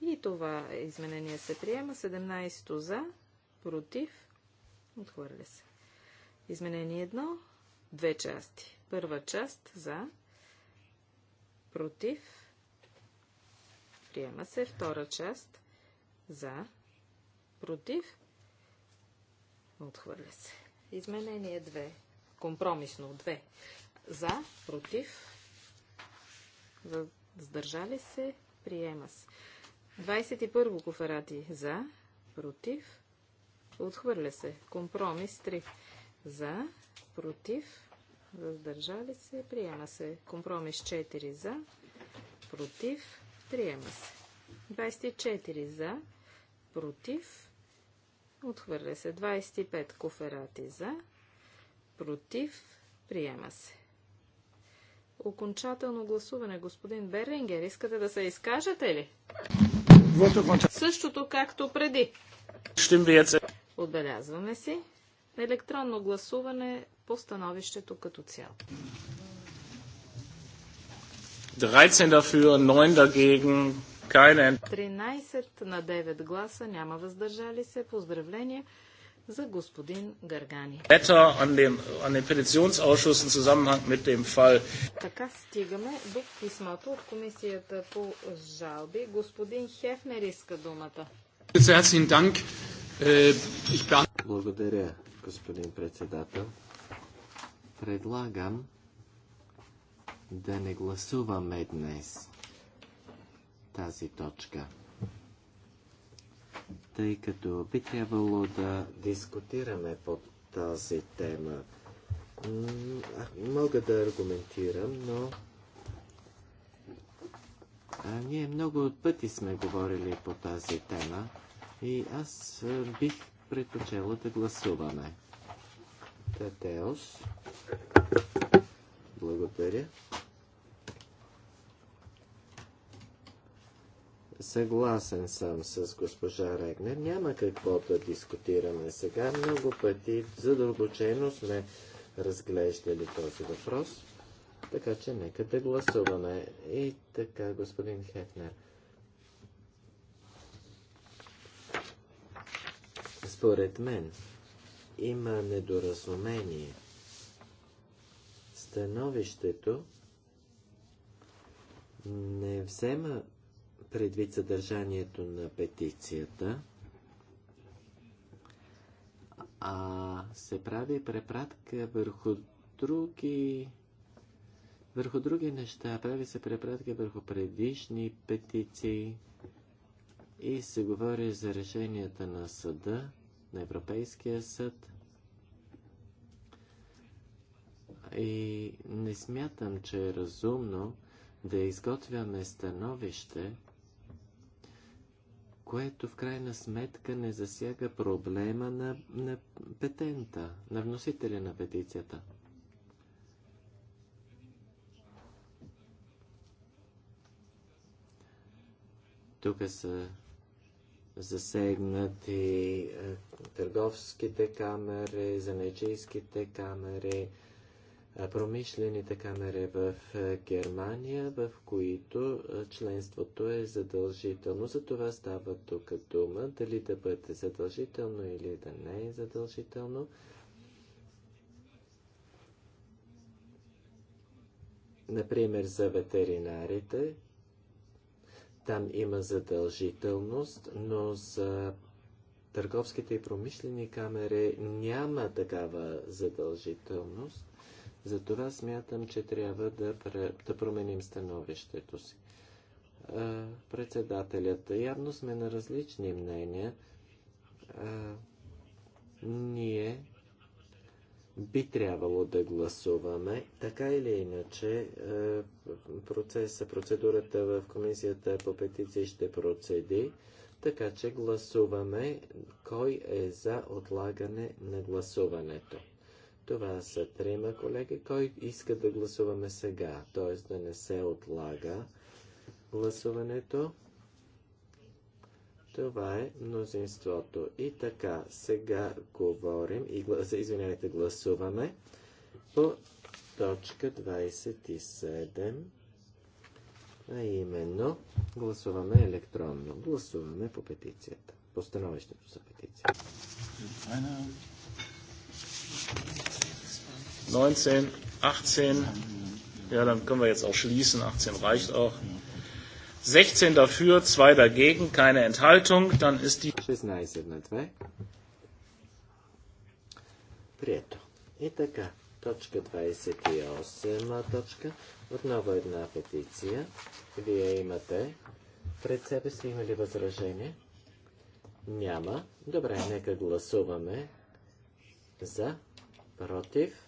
И това изменение се приема. 17 за, против, отхвърля се. Изменение 1, две части. Първа част за, против, приема се. Втора част за, против, Отхвърля се. Изменение 2. Компромисно 2. За, против, въздържали се, приема се. 21 коферати за, против, отхвърля се. Компромис 3. За, против, въздържали се, приема се. Компромис 4 за, против, приема се. 24 за, против, Отхвърля се. 25 коферати за. Против. Приема се. Окончателно гласуване. Господин Берлингер, искате да се изкажете ли? Същото както преди. Отбелязваме си. Електронно гласуване по становището като цяло. 13 dafür, 9 dagegen, Кайлен. 13 на 9 гласа няма въздържали се. Поздравление за господин Гаргани. Така стигаме до писмото от комисията по жалби. Господин Хефнер иска думата. Äh, Благодаря, господин председател. Предлагам да не гласуваме днес тази точка. Тъй като би трябвало да дискутираме по тази тема. Мога да аргументирам, но а, ние много от пъти сме говорили по тази тема и аз бих предпочела да гласуваме. Татеос. Благодаря. Съгласен съм с госпожа Регнер. Няма какво да дискутираме сега. Много пъти задълбочено сме разглеждали този въпрос. Така че нека да гласуваме. И така, господин Хефнер. Според мен има недоразумение. Становището не взема предвид съдържанието на петицията, а се прави препратка върху други върху други неща. Прави се препратка върху предишни петиции и се говори за решенията на съда, на Европейския съд. И не смятам, че е разумно да изготвяме становище което в крайна сметка не засяга проблема на, на петента, на вносителя на петицията. Тук са засегнати е, търговските камери, занечийските камери, е, промишлените камери в е, Германия, в които е, членството е задължително. За това става тук дума, дали да бъде задължително или да не е задължително. Например, за ветеринарите, там има задължителност, но за търговските и промишлени камери няма такава задължителност. Затова смятам, че трябва да, да променим становището си. А, председателят, явно сме на различни мнения. А, ние би трябвало да гласуваме. Така или иначе, процеса, процедурата в комисията по петиции ще процеди, така че гласуваме кой е за отлагане на гласуването. Това са трима колеги, кой иска да гласуваме сега, т.е. да не се отлага гласуването. Това е мнозинството. И така, сега говорим и извинявайте, гласуваме по точка 27, а именно гласуваме електронно. Гласуваме по петицията. По становището за петицията. 19, 18. Ja, dann können wir jetzt auch schließen. 18 reicht auch. 16 dafür, 2 dagegen, keine Enthaltung. Dann ist die. 16 на 2. Прието. И така, точка 28, точка. Отново една петиция. Вие имате пред себе си има ли възражение? Няма. Добре, нека гласуваме за, против,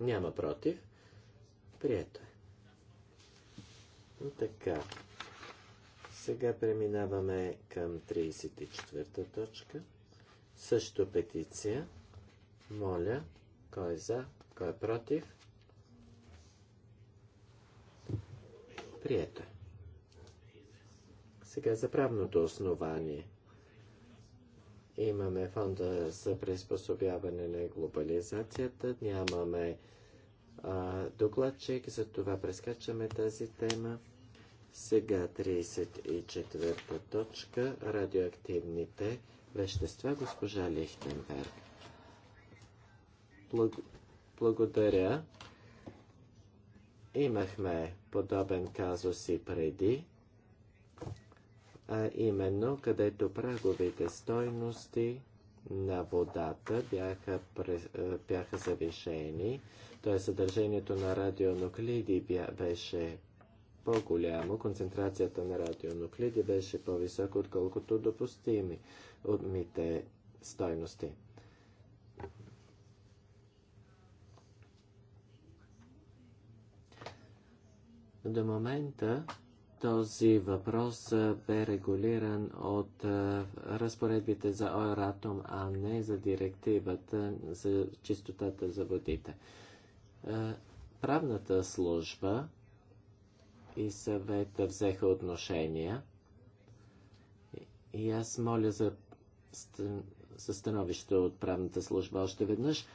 няма против. Прието е. Така. Сега преминаваме към 34-та точка. Също петиция. Моля, кой е за, кой е против? Прието е. Сега за правното основание. Имаме фонда за приспособяване на глобализацията, нямаме а, докладчик, за това прескачаме тази тема. Сега 34-та точка – радиоактивните вещества, госпожа Лихтенберг. Благ... Благодаря. Имахме подобен казус и преди а именно където праговите стойности на водата бяха, бяха завишени, т.е. съдържанието на радионуклиди беше по-голямо, концентрацията на радионуклиди беше по-висока, отколкото допустими от мите стойности. До момента този въпрос бе регулиран от разпоредбите за ОРАТОМ, а не за директивата за чистотата за водите. Правната служба и съвета взеха отношения и аз моля за състановище от правната служба още веднъж,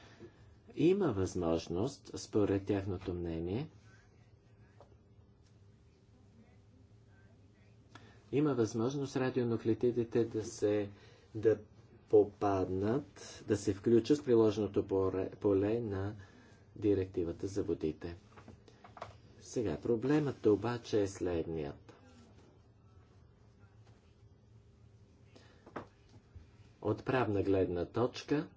има възможност, според тяхното мнение, Има възможност радионуклетидите да се да попаднат, да се включат в приложеното поле на директивата за водите. Сега, проблемът обаче е следният. От правна гледна точка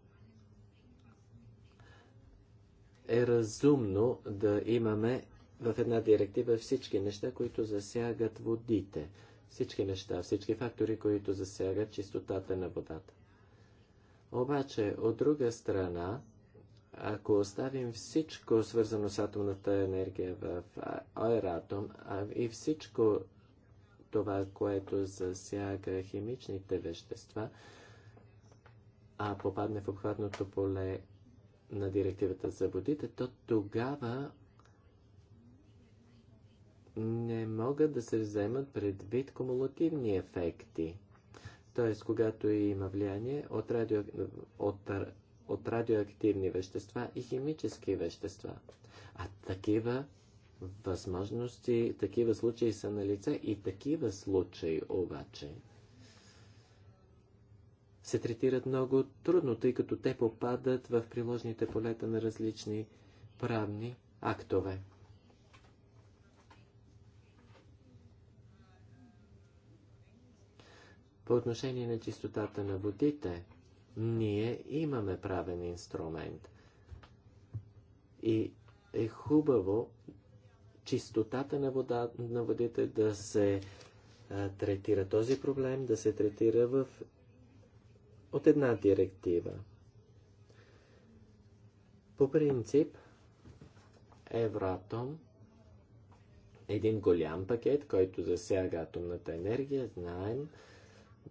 е разумно да имаме в една директива всички неща, които засягат водите всички неща, всички фактори, които засягат чистотата на водата. Обаче, от друга страна, ако оставим всичко свързано с атомната енергия в аератом и всичко това, което засяга химичните вещества, а попадне в обхватното поле на директивата за водите, то тогава не могат да се вземат предвид кумулативни ефекти. Т.е. когато има влияние от, радио, от, от радиоактивни вещества и химически вещества. А такива възможности, такива случаи са на лице и такива случаи обаче се третират много трудно, тъй като те попадат в приложните полета на различни правни актове. По отношение на чистотата на водите, ние имаме правен инструмент. И е хубаво чистотата на, вода, на водите да се а, третира. Този проблем да се третира в, от една директива. По принцип, Евратом един голям пакет, който засяга атомната енергия, знаем,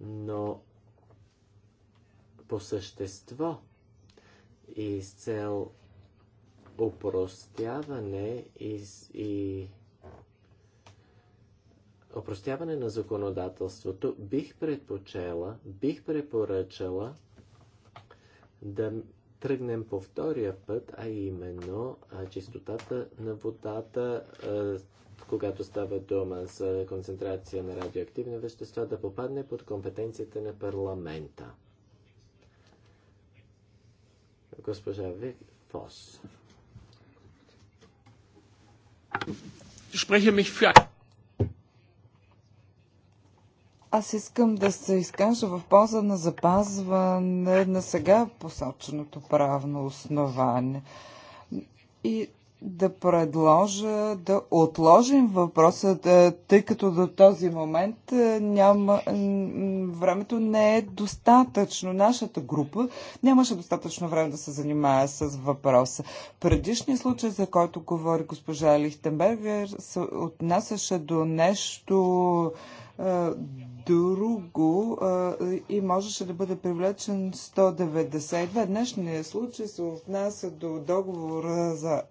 но по същество и с цел упростяване и, и упростяване на законодателството, бих предпочела, бих препоръчала да тръгнем по втория път, а именно а, чистотата на водата, а, когато става дума за концентрация на радиоактивни вещества, да попадне под компетенцията на парламента. Госпожа Вик Фос. Аз искам да се изкажа в полза на запазване на сега посоченото правно основание. И да предложа да отложим въпроса, да, е, тъй като до този момент е, няма, времето не е достатъчно. Нашата група нямаше достатъчно време да се занимае с въпроса. Предишният случай, за който говори госпожа Лихтенбергер, се отнасяше до нещо друго и можеше да бъде привлечен 192. Днешния случай се отнася до договора за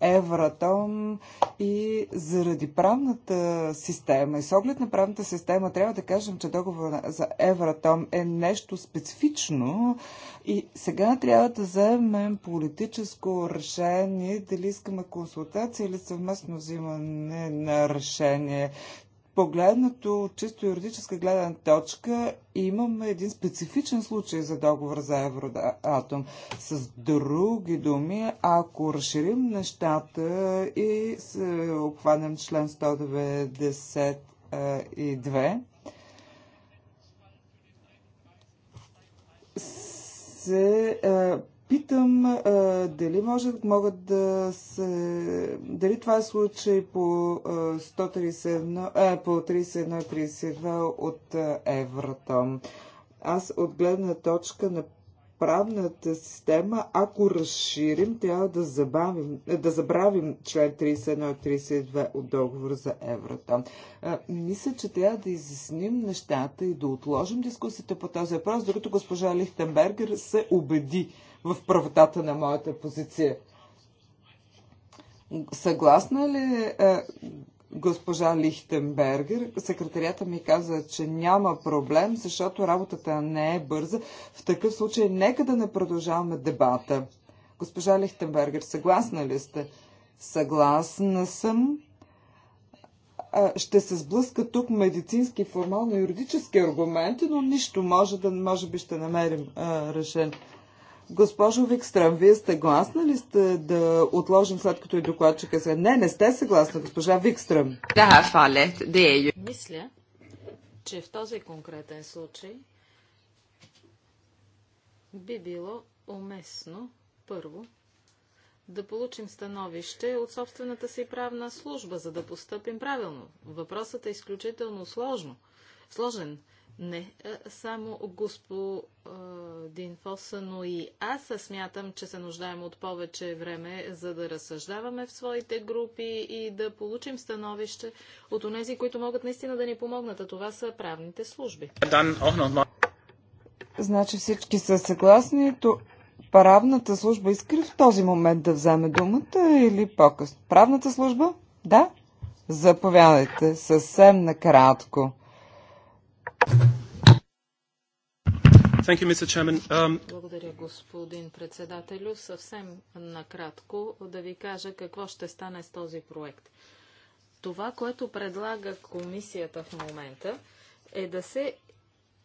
Евратом и заради правната система и с оглед на правната система трябва да кажем, че договор за Евратом е нещо специфично и сега трябва да вземем политическо решение дали искаме консултация или съвместно взимане на решение. Погледнато от чисто юридическа гледна точка, имаме един специфичен случай за договор за Евроатом. С други думи, ако разширим нещата и се обхванем член 192, се е, питам а, дали може, могат да се... Дали това е случай по, 131, а, по 31-32 от Евротон? Аз от гледна точка на правната система, ако разширим, трябва да, забавим, да забравим член 31 32 от договор за еврото. Мисля, че трябва да изясним нещата и да отложим дискусията по този въпрос, докато госпожа Лихтенбергер се убеди в правотата на моята позиция. Съгласна ли е, госпожа Лихтенбергер? Секретарията ми каза, че няма проблем, защото работата не е бърза. В такъв случай нека да не продължаваме дебата. Госпожа Лихтенбергер, съгласна ли сте? Съгласна съм. Ще се сблъска тук медицински, формално-юридически аргументи, но нищо, може, да, може би ще намерим а, решение. Госпожо Викстрам, вие сте гласна ли сте да отложим след като и докладчика е се? Не, не сте съгласна, госпожа Викстрам. Да, фале, да е. Мисля, че в този конкретен случай би било уместно първо да получим становище от собствената си правна служба, за да постъпим правилно. Въпросът е изключително сложно. Сложен. Не, само господин Фоса, но и аз смятам, че се нуждаем от повече време, за да разсъждаваме в своите групи и да получим становище от онези, които могат наистина да ни помогнат, а това са правните служби. Значи всички са съгласни, то правната служба иска ли в този момент да вземе думата или по-късно? Правната служба? Да? Заповядайте съвсем накратко. Thank you, Mr. Chairman. Um... Благодаря, господин председателю. Съвсем накратко да ви кажа какво ще стане с този проект. Това, което предлага комисията в момента, е да се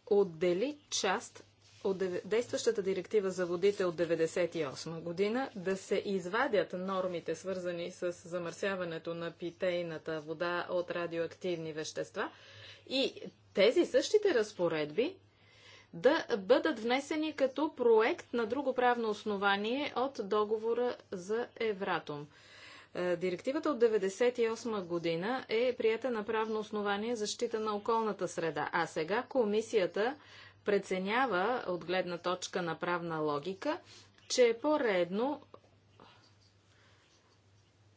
отдели част от действащата директива за водите от 1998 година да се извадят нормите, свързани с замърсяването на питейната вода от радиоактивни вещества и тези същите разпоредби да бъдат внесени като проект на друго правно основание от договора за Евратом. Е, директивата от 1998 година е прията на правно основание защита на околната среда, а сега комисията преценява от гледна точка на правна логика, че е по-редно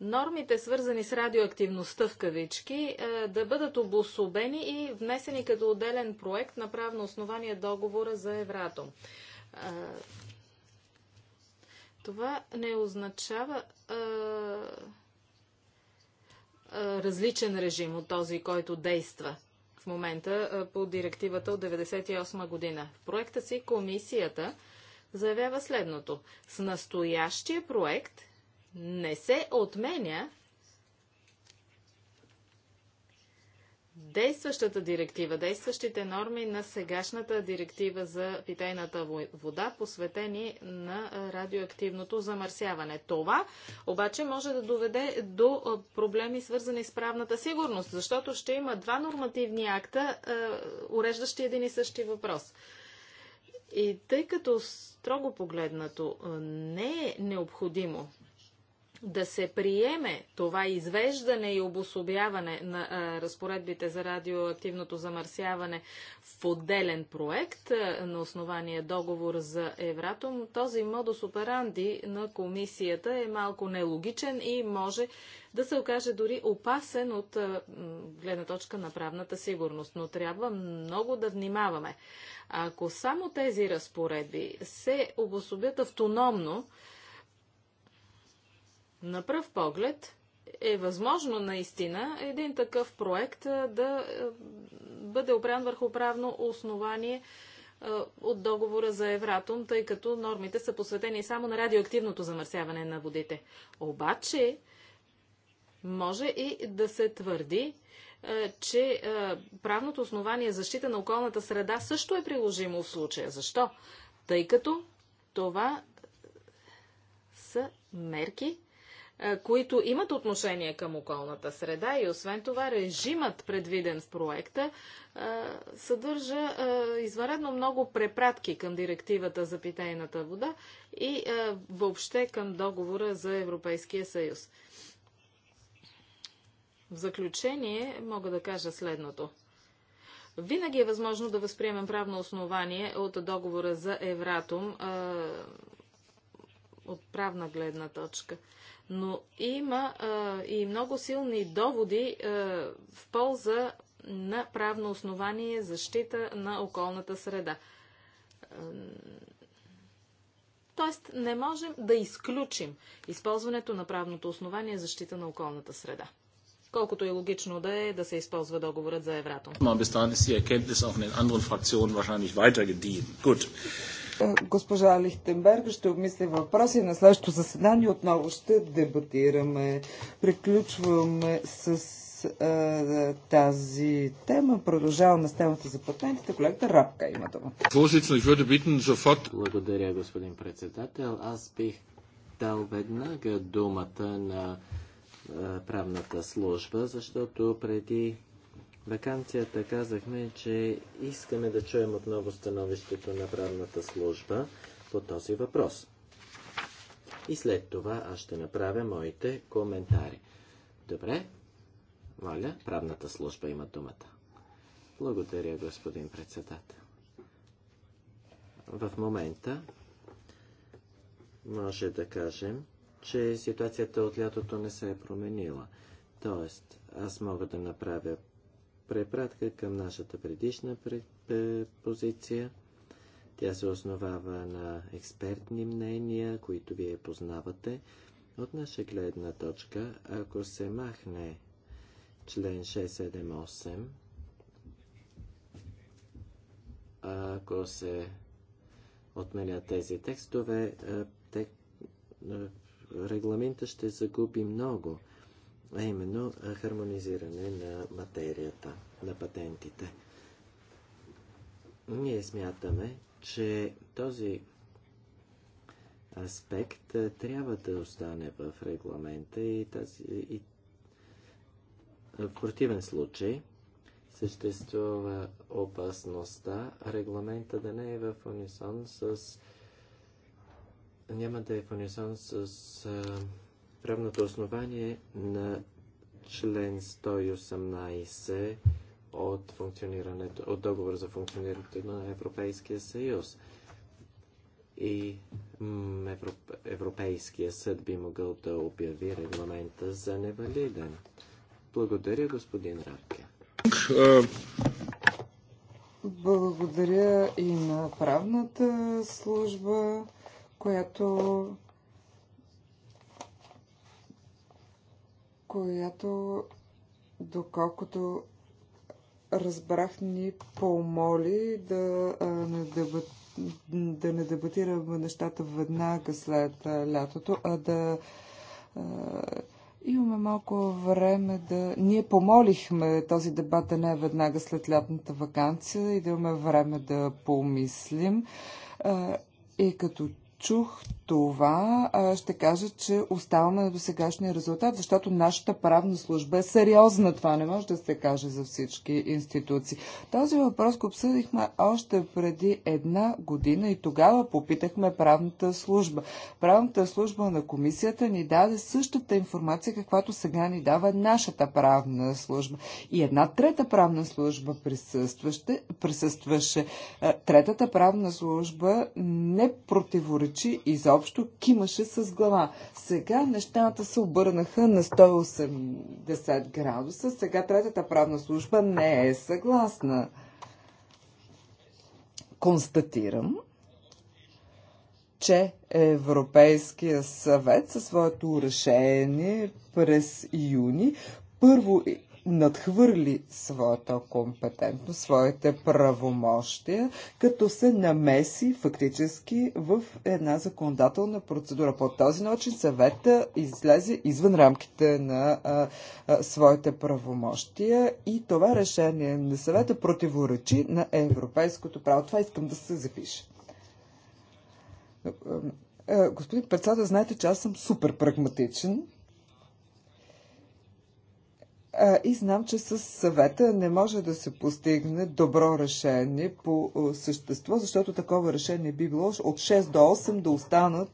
нормите, свързани с радиоактивността в кавички, е, да бъдат обособени и внесени като отделен проект на правно основание договора за Евратом. Е, това не означава е, различен режим от този, който действа в момента по директивата от 1998 година. В проекта си комисията заявява следното. С настоящия проект не се отменя действащата директива, действащите норми на сегашната директива за питейната вода, посветени на радиоактивното замърсяване. Това обаче може да доведе до проблеми, свързани с правната сигурност, защото ще има два нормативни акта, уреждащи един и същи въпрос. И тъй като строго погледнато не е необходимо да се приеме това извеждане и обособяване на а, разпоредбите за радиоактивното замърсяване в отделен проект а, на основание договор за Евратом, този модус операнди на комисията е малко нелогичен и може да се окаже дори опасен от а, гледна точка на правната сигурност. Но трябва много да внимаваме. Ако само тези разпоредби се обособят автономно, на пръв поглед е възможно наистина един такъв проект да бъде опрян върху правно основание от договора за евратум, тъй като нормите са посветени само на радиоактивното замърсяване на водите. Обаче, може и да се твърди, че правното основание защита на околната среда също е приложимо в случая. Защо? Тъй като това са мерки, е, които имат отношение към околната среда и освен това режимът, предвиден в проекта, е, съдържа е, изваредно много препратки към директивата за питейната вода и въобще към договора за Европейския съюз. В заключение мога да кажа следното. Винаги е възможно да възприемем правно основание от договора за Евратум от правна гледна точка но има а, и много силни доводи а, в полза на правно основание защита на околната среда. Тоест, не можем да изключим използването на правното основание защита на околната среда. Колкото е логично да е да се използва договорът за Евратом. Bis dahin ist die Erkenntnis auch in den anderen Fraktionen wahrscheinlich Gut. Е, госпожа Лихтенберг ще обмисли въпроси. На следващото заседание отново ще дебатираме. Приключваме с а, е, тази тема. Продължаваме с темата за патентите. Колегата Рапка има дума. Благодаря, господин председател. Аз бих дал веднага думата на е, правната служба, защото преди вакансията казахме, че искаме да чуем отново становището на правната служба по този въпрос. И след това аз ще направя моите коментари. Добре? Моля, правната служба има думата. Благодаря, господин председател. В момента може да кажем, че ситуацията от лятото не се е променила. Тоест, аз мога да направя препратка към нашата предишна позиция. Тя се основава на експертни мнения, които вие познавате. От наша гледна точка, ако се махне член 678, ако се отменят тези текстове, те, регламента ще загуби много а именно хармонизиране на материята, на патентите. Ние смятаме, че този аспект трябва да остане в регламента и, тази, и в противен случай съществува опасността регламента да не е в унисон с няма да е в унисон с правното основание на член 118 от, функционирането, от договор за функционирането на Европейския съюз. И Европейския съд би могъл да обяви регламента за невалиден. Благодаря, господин Радке. Благодаря и на правната служба, която която, доколкото разбрах, ни помоли да, не дебат, да не дебатираме нещата веднага след лятото, а да Имаме малко време да... Ние помолихме този дебат да не е веднага след лятната вакансия и да имаме време да помислим. И като чух това, ще кажа, че оставаме на досегашния резултат, защото нашата правна служба е сериозна. Това не може да се каже за всички институции. Този въпрос го обсъдихме още преди една година и тогава попитахме правната служба. Правната служба на комисията ни даде същата информация, каквато сега ни дава нашата правна служба. И една трета правна служба присъстваше. присъстваше. Е, третата правна служба не противоречи и изобщо, кимаше с глава. Сега нещата се обърнаха на 180 градуса. Сега третата правна служба не е съгласна. Констатирам, че Европейския съвет със своето решение през юни първо надхвърли своята компетентност, своите правомощия, като се намеси фактически в една законодателна процедура. По този начин съвета излезе извън рамките на а, а, своите правомощия и това решение на съвета противоречи на европейското право. Това искам да се запише. Е, господин председател, знаете, че аз съм супер прагматичен и знам, че с съвета не може да се постигне добро решение по същество, защото такова решение би било от 6 до 8 да останат.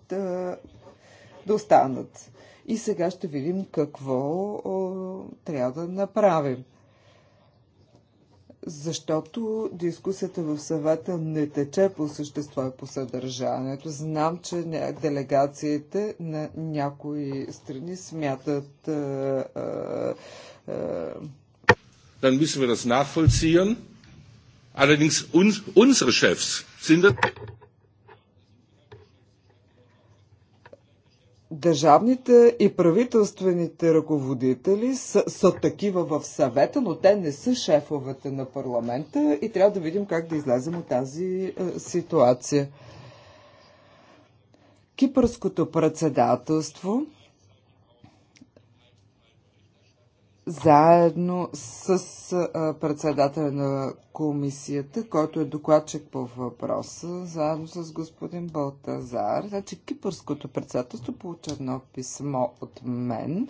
Да останат. И сега ще видим какво трябва да направим защото дискусията в съвета не тече по същество и по съдържанието. Знам, че делегациите на някои страни смятат, dann müssen wir das nachvollziehen. Allerdings uns, unsere Chefs sind das. Държавните и правителствените ръководители са, са такива в съвета, но те не са шефовете на парламента и трябва да видим как да излезем от тази е, ситуация. Кипърското председателство заедно с председателя на комисията, който е докладчик по въпроса, заедно с господин Балтазар. Значи Кипърското председателство получи едно писмо от мен,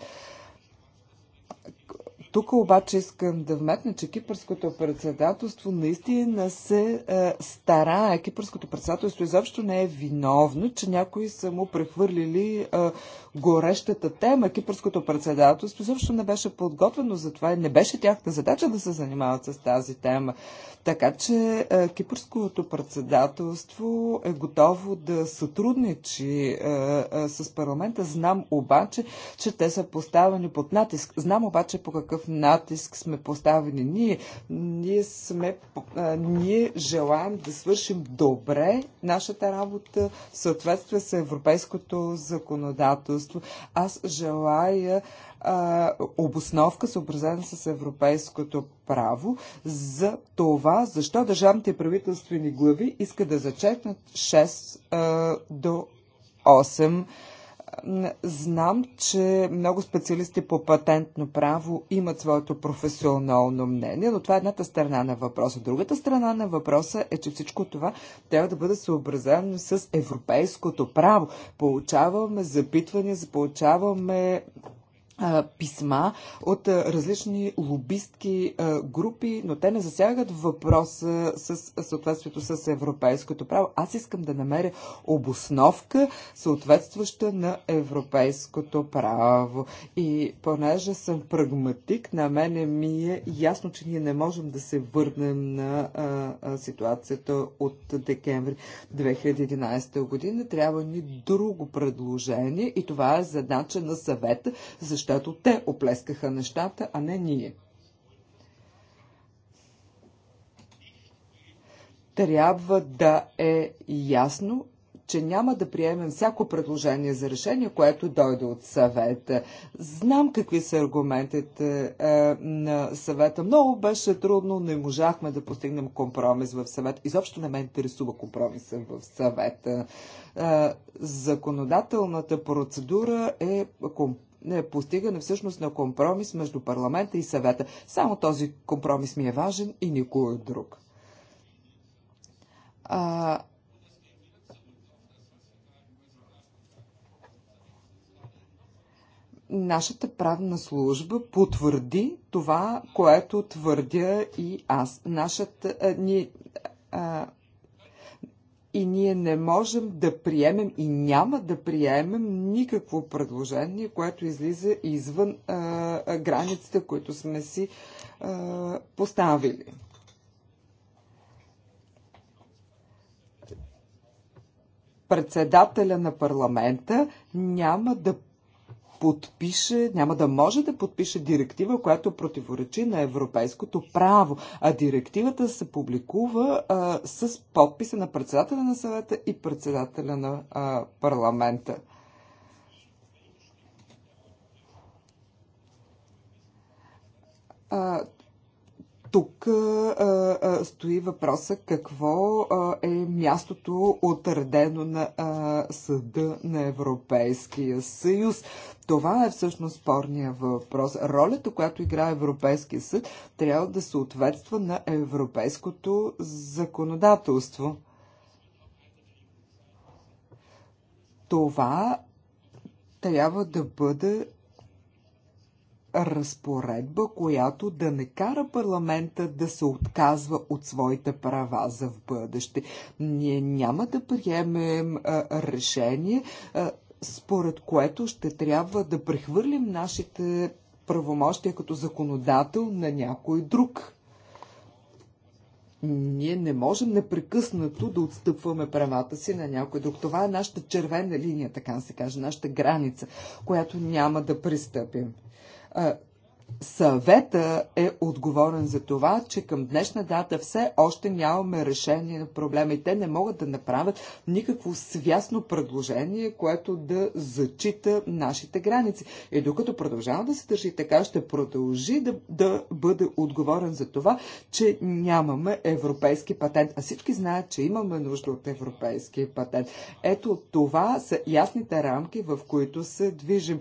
тук обаче искам да вметна, че кипърското председателство наистина се е, стара. Кипърското председателство изобщо не е виновно, че някои са му прехвърлили е, горещата тема. Кипърското председателство изобщо не беше подготвено за това и не беше тяхна задача да се занимават с тази тема. Така че е, кипърското председателство е готово да сътрудничи е, е, с парламента. Знам обаче, че те са поставени под натиск. Знам обаче по какъв какъв натиск сме поставени ние. Ние, сме, а, ние желаем да свършим добре нашата работа в съответствие с европейското законодателство. Аз желая а, обосновка, съобразена с европейското право, за това, защо държавните правителствени глави искат да зачекнат 6 а, до 8 Знам, че много специалисти по патентно право имат своето професионално мнение, но това е едната страна на въпроса. Другата страна на въпроса е, че всичко това трябва да бъде съобразено с европейското право. Получаваме запитвания, получаваме писма от различни лобистки групи, но те не засягат въпроса с съответствието с европейското право. Аз искам да намеря обосновка, съответстваща на европейското право. И понеже съм прагматик, на мене ми е ясно, че ние не можем да се върнем на ситуацията от декември 2011 година. Трябва ни друго предложение и това е задача на съвета, защото защото те оплескаха нещата, а не ние. Трябва да е ясно, че няма да приемем всяко предложение за решение, което дойде от съвета. Знам какви са аргументите е, на съвета. Много беше трудно, не можахме да постигнем компромис в съвет. Изобщо не ме интересува компромиса в съвета. Е, законодателната процедура е компромис е постигане всъщност на компромис между парламента и съвета. Само този компромис ми е важен и никой друг. А, нашата правна служба потвърди това, което твърдя и аз. Нашата, а, ни, а, и ние не можем да приемем и няма да приемем никакво предложение, което излиза извън а, а, границите, които сме си а, поставили. Председателя на парламента няма да подпише, няма да може да подпише директива, която противоречи на европейското право. А директивата се публикува а, с подписа на председателя на съвета и председателя на а, парламента. А, тук а, а, стои въпроса какво а, е мястото отредено на а, съда на Европейския съюз. Това е всъщност спорния въпрос. Ролята, която играе Европейския съд, трябва да съответства на европейското законодателство. Това трябва да бъде разпоредба, която да не кара парламента да се отказва от своите права за в бъдеще. Ние няма да приемем решение, според което ще трябва да прехвърлим нашите правомощия като законодател на някой друг. Ние не можем непрекъснато да отстъпваме правата си на някой друг. Това е нашата червена линия, така се каже, нашата граница, която няма да пристъпим. Съвета е отговорен за това, че към днешна дата все още нямаме решение на проблема и Те не могат да направят никакво свясно предложение, което да зачита нашите граници. И докато продължава да се държи така, ще продължи да, да бъде отговорен за това, че нямаме европейски патент. А всички знаят, че имаме нужда от европейски патент. Ето това са ясните рамки, в които се движим.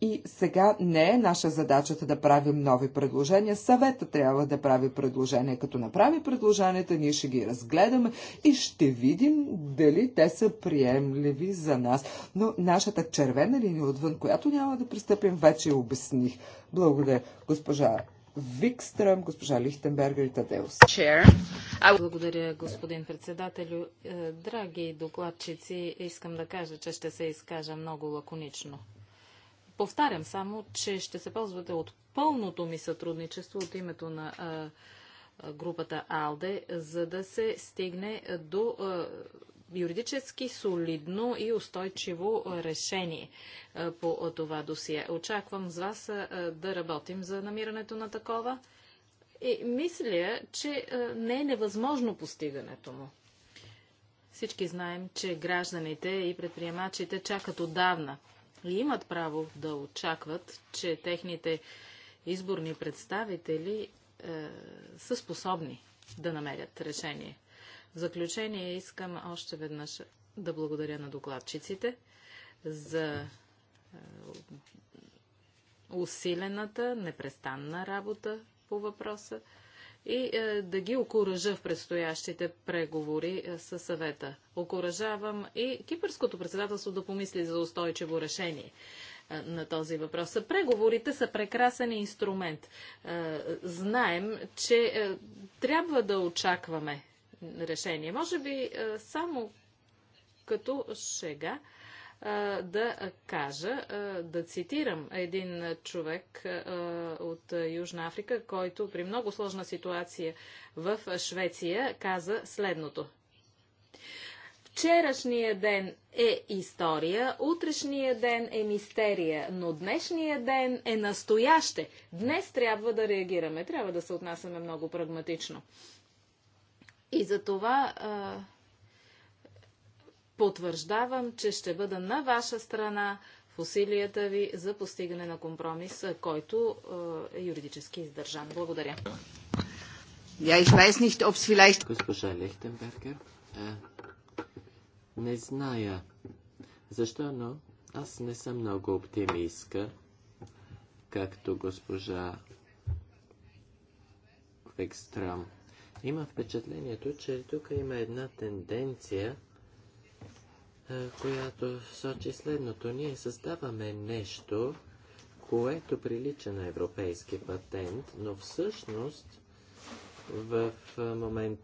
И сега не е наша задачата да правим нови предложения. Съвета трябва да прави предложения. Като направи предложенията, ние ще ги разгледаме и ще видим дали те са приемливи за нас. Но нашата червена линия отвън, която няма да пристъпим, вече обясних. Благодаря, госпожа Викстръм, госпожа Лихтенбергер и Тадеус. Благодаря, господин председателю. Е, драги докладчици, искам да кажа, че ще се изкажа много лаконично. Повтарям само, че ще се ползвате от пълното ми сътрудничество от името на групата АЛДЕ, за да се стигне до юридически солидно и устойчиво решение по това досие. Очаквам с вас да работим за намирането на такова. И мисля, че не е невъзможно постигането му. Всички знаем, че гражданите и предприемачите чакат отдавна и имат право да очакват, че техните изборни представители е, са способни да намерят решение. В заключение искам още веднъж да благодаря на докладчиците за е, усилената, непрестанна работа по въпроса и е, да ги окоръжа в предстоящите преговори е, със съвета. Окоръжавам и кипърското председателство да помисли за устойчиво решение е, на този въпрос. Преговорите са прекрасен инструмент. Е, знаем, че е, трябва да очакваме решение. Може би е, само като шега да кажа, да цитирам един човек от Южна Африка, който при много сложна ситуация в Швеция каза следното. Вчерашния ден е история, утрешния ден е мистерия, но днешния ден е настояще. Днес трябва да реагираме, трябва да се отнасяме много прагматично. И за това потвърждавам, че ще бъда на ваша страна в усилията ви за постигане на компромис, който е, е юридически издържан. Благодаря. ich weiß nicht, vielleicht... Госпожа Лехтенбергер, е, не зная защо, но аз не съм много оптимистка, както госпожа Векстрам. Има впечатлението, че тук има една тенденция която сочи следното. Ние създаваме нещо, което прилича на европейски патент, но всъщност в момент,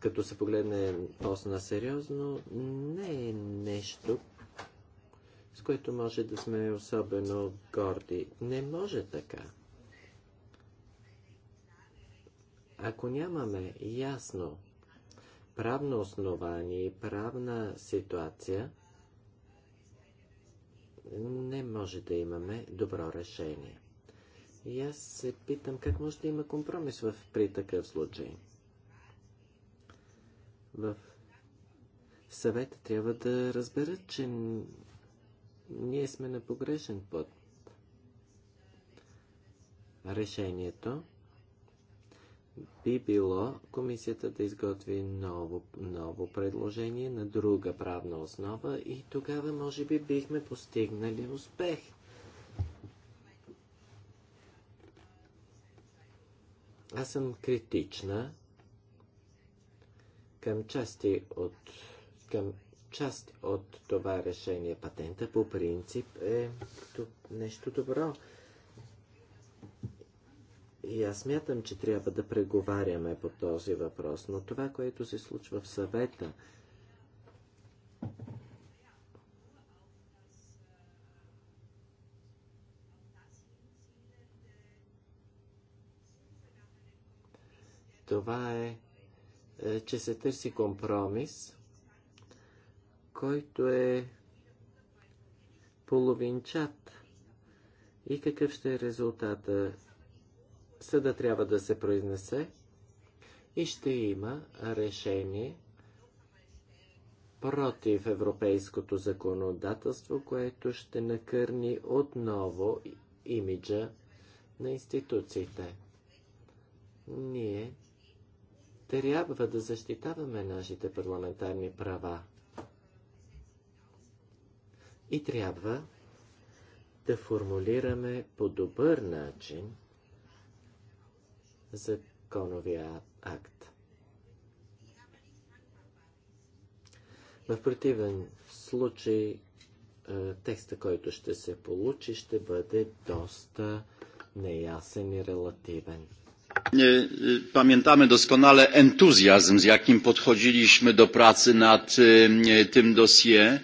като се погледне по сна сериозно, не е нещо, с което може да сме особено горди. Не може така. Ако нямаме ясно правно основание и правна ситуация, не може да имаме добро решение. И аз се питам как може да има компромис в, при такъв случай. В съвета трябва да разберат, че ние сме на погрешен път. Решението би било комисията да изготви ново, ново предложение на друга правна основа и тогава може би бихме постигнали успех. Аз съм критична към части от, към част от това решение. Патента по принцип е нещо добро. И аз мятам, че трябва да преговаряме по този въпрос. Но това, което се случва в съвета, това е, е че се търси компромис, който е половинчат. И какъв ще е резултата? съда трябва да се произнесе и ще има решение против европейското законодателство, което ще накърни отново имиджа на институциите. Ние трябва да защитаваме нашите парламентарни права и трябва да формулираме по добър начин законовия акт. В противен случай е, текста, който ще се получи, ще бъде доста неясен и релативен. Pamiętamy doskonale entuzjazm, z jakim podchodziliśmy do pracy nad tym dossier.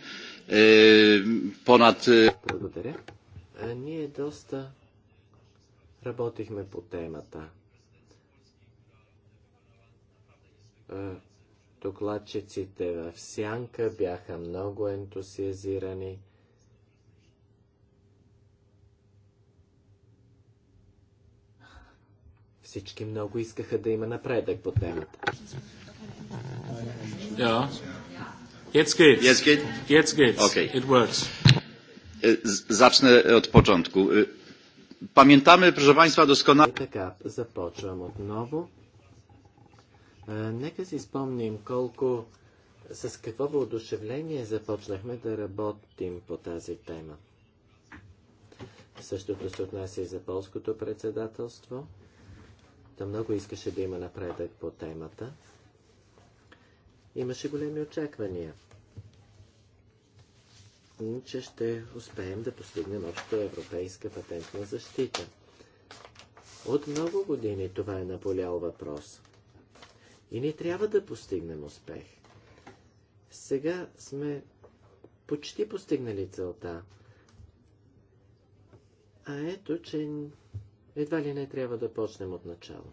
Ponad... Благодаря. ние доста работихме по темата. докладчиците в Сянка бяха много ентусиазирани. Всички много искаха да има напредък по темата. Ja. Jetzt geht's. Jetzt geht? Jetzt geht's. Okay. It works. Zacznę od początku. Pamiętamy, proszę Państwa, doskonale... Tak, zapoczę od nowo. Нека си спомним колко, с какво въодушевление започнахме да работим по тази тема. Същото се отнася и за полското председателство. Та много искаше да има напредък по темата. Имаше големи очаквания, че ще успеем да постигнем общо европейска патентна защита. От много години това е наболял въпрос. И ние трябва да постигнем успех. Сега сме почти постигнали целта. А ето, че едва ли не трябва да почнем от начало.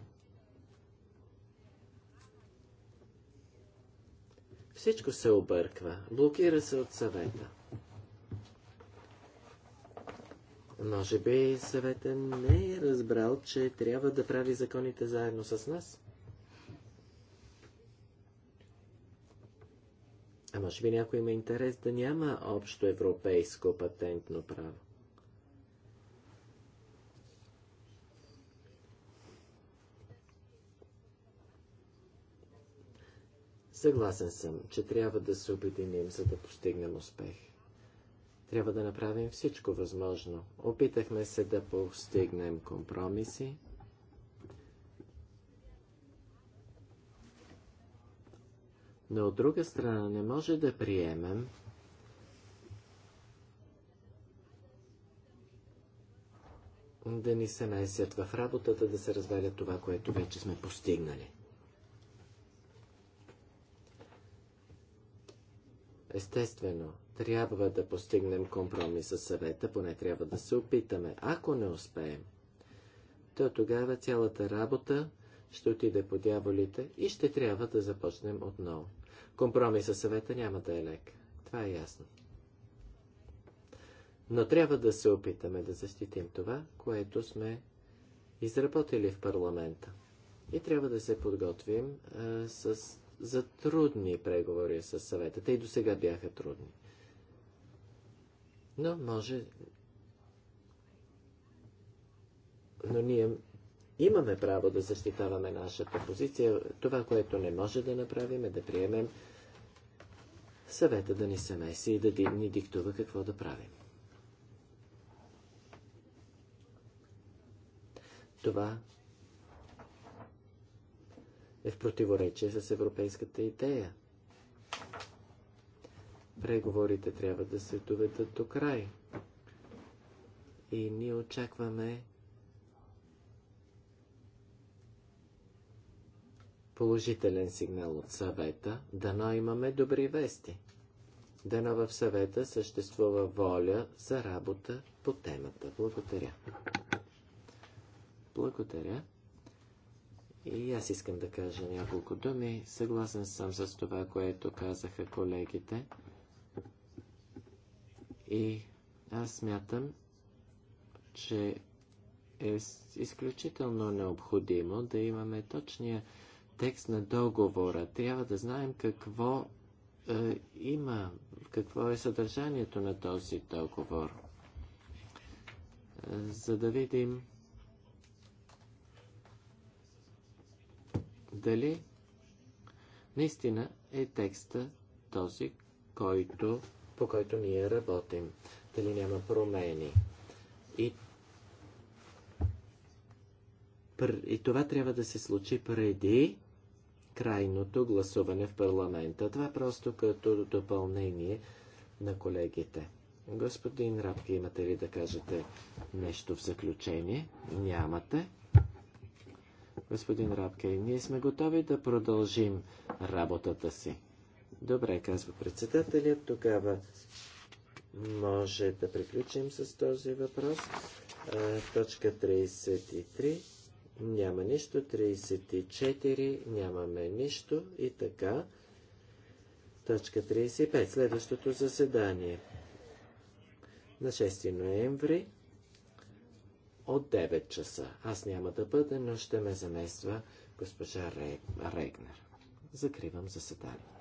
Всичко се обърква, блокира се от съвета. Може би съвета не е разбрал, че трябва да прави законите заедно с нас. А може би някой има интерес да няма общо европейско патентно право. Съгласен съм, че трябва да се обединим, за да постигнем успех. Трябва да направим всичко възможно. Опитахме се да постигнем компромиси, Но от друга страна не може да приемем, да ни се месят в работата, да се разваля това, което вече сме постигнали. Естествено, трябва да постигнем компромис с съвета, поне трябва да се опитаме. Ако не успеем, то тогава цялата работа ще отиде по дяволите и ще трябва да започнем отново. Компромис със съвета няма да е лек. Това е ясно. Но трябва да се опитаме да защитим това, което сме изработили в парламента. И трябва да се подготвим а, с, за трудни преговори с съвета. Те и до сега бяха трудни. Но може. Но ние имаме право да защитаваме нашата позиция. Това, което не може да направим е да приемем съвета да ни се меси и да ни диктува какво да правим. Това е в противоречие с европейската идея. Преговорите трябва да се доведат до край. И ние очакваме положителен сигнал от съвета, дано имаме добри вести. Дано в съвета съществува воля за работа по темата. Благодаря. Благодаря. И аз искам да кажа няколко думи. Съгласен съм с това, което казаха колегите. И аз смятам, че е изключително необходимо да имаме точния текст на договора. Трябва да знаем какво е, има, какво е съдържанието на този договор, е, за да видим дали наистина е текста този, който, по който ние работим, дали няма промени. И и това трябва да се случи преди крайното гласуване в парламента. Това е просто като допълнение на колегите. Господин Рапки, имате ли да кажете нещо в заключение? Нямате. Господин Рапке, ние сме готови да продължим работата си. Добре, казва председателят. Тогава може да приключим с този въпрос. Точка 33. Няма нищо. 34. Нямаме нищо. И така. Точка 35. Следващото заседание. На 6 ноември от 9 часа. Аз няма да бъда, но ще ме замества госпожа Регнер. Закривам заседанието.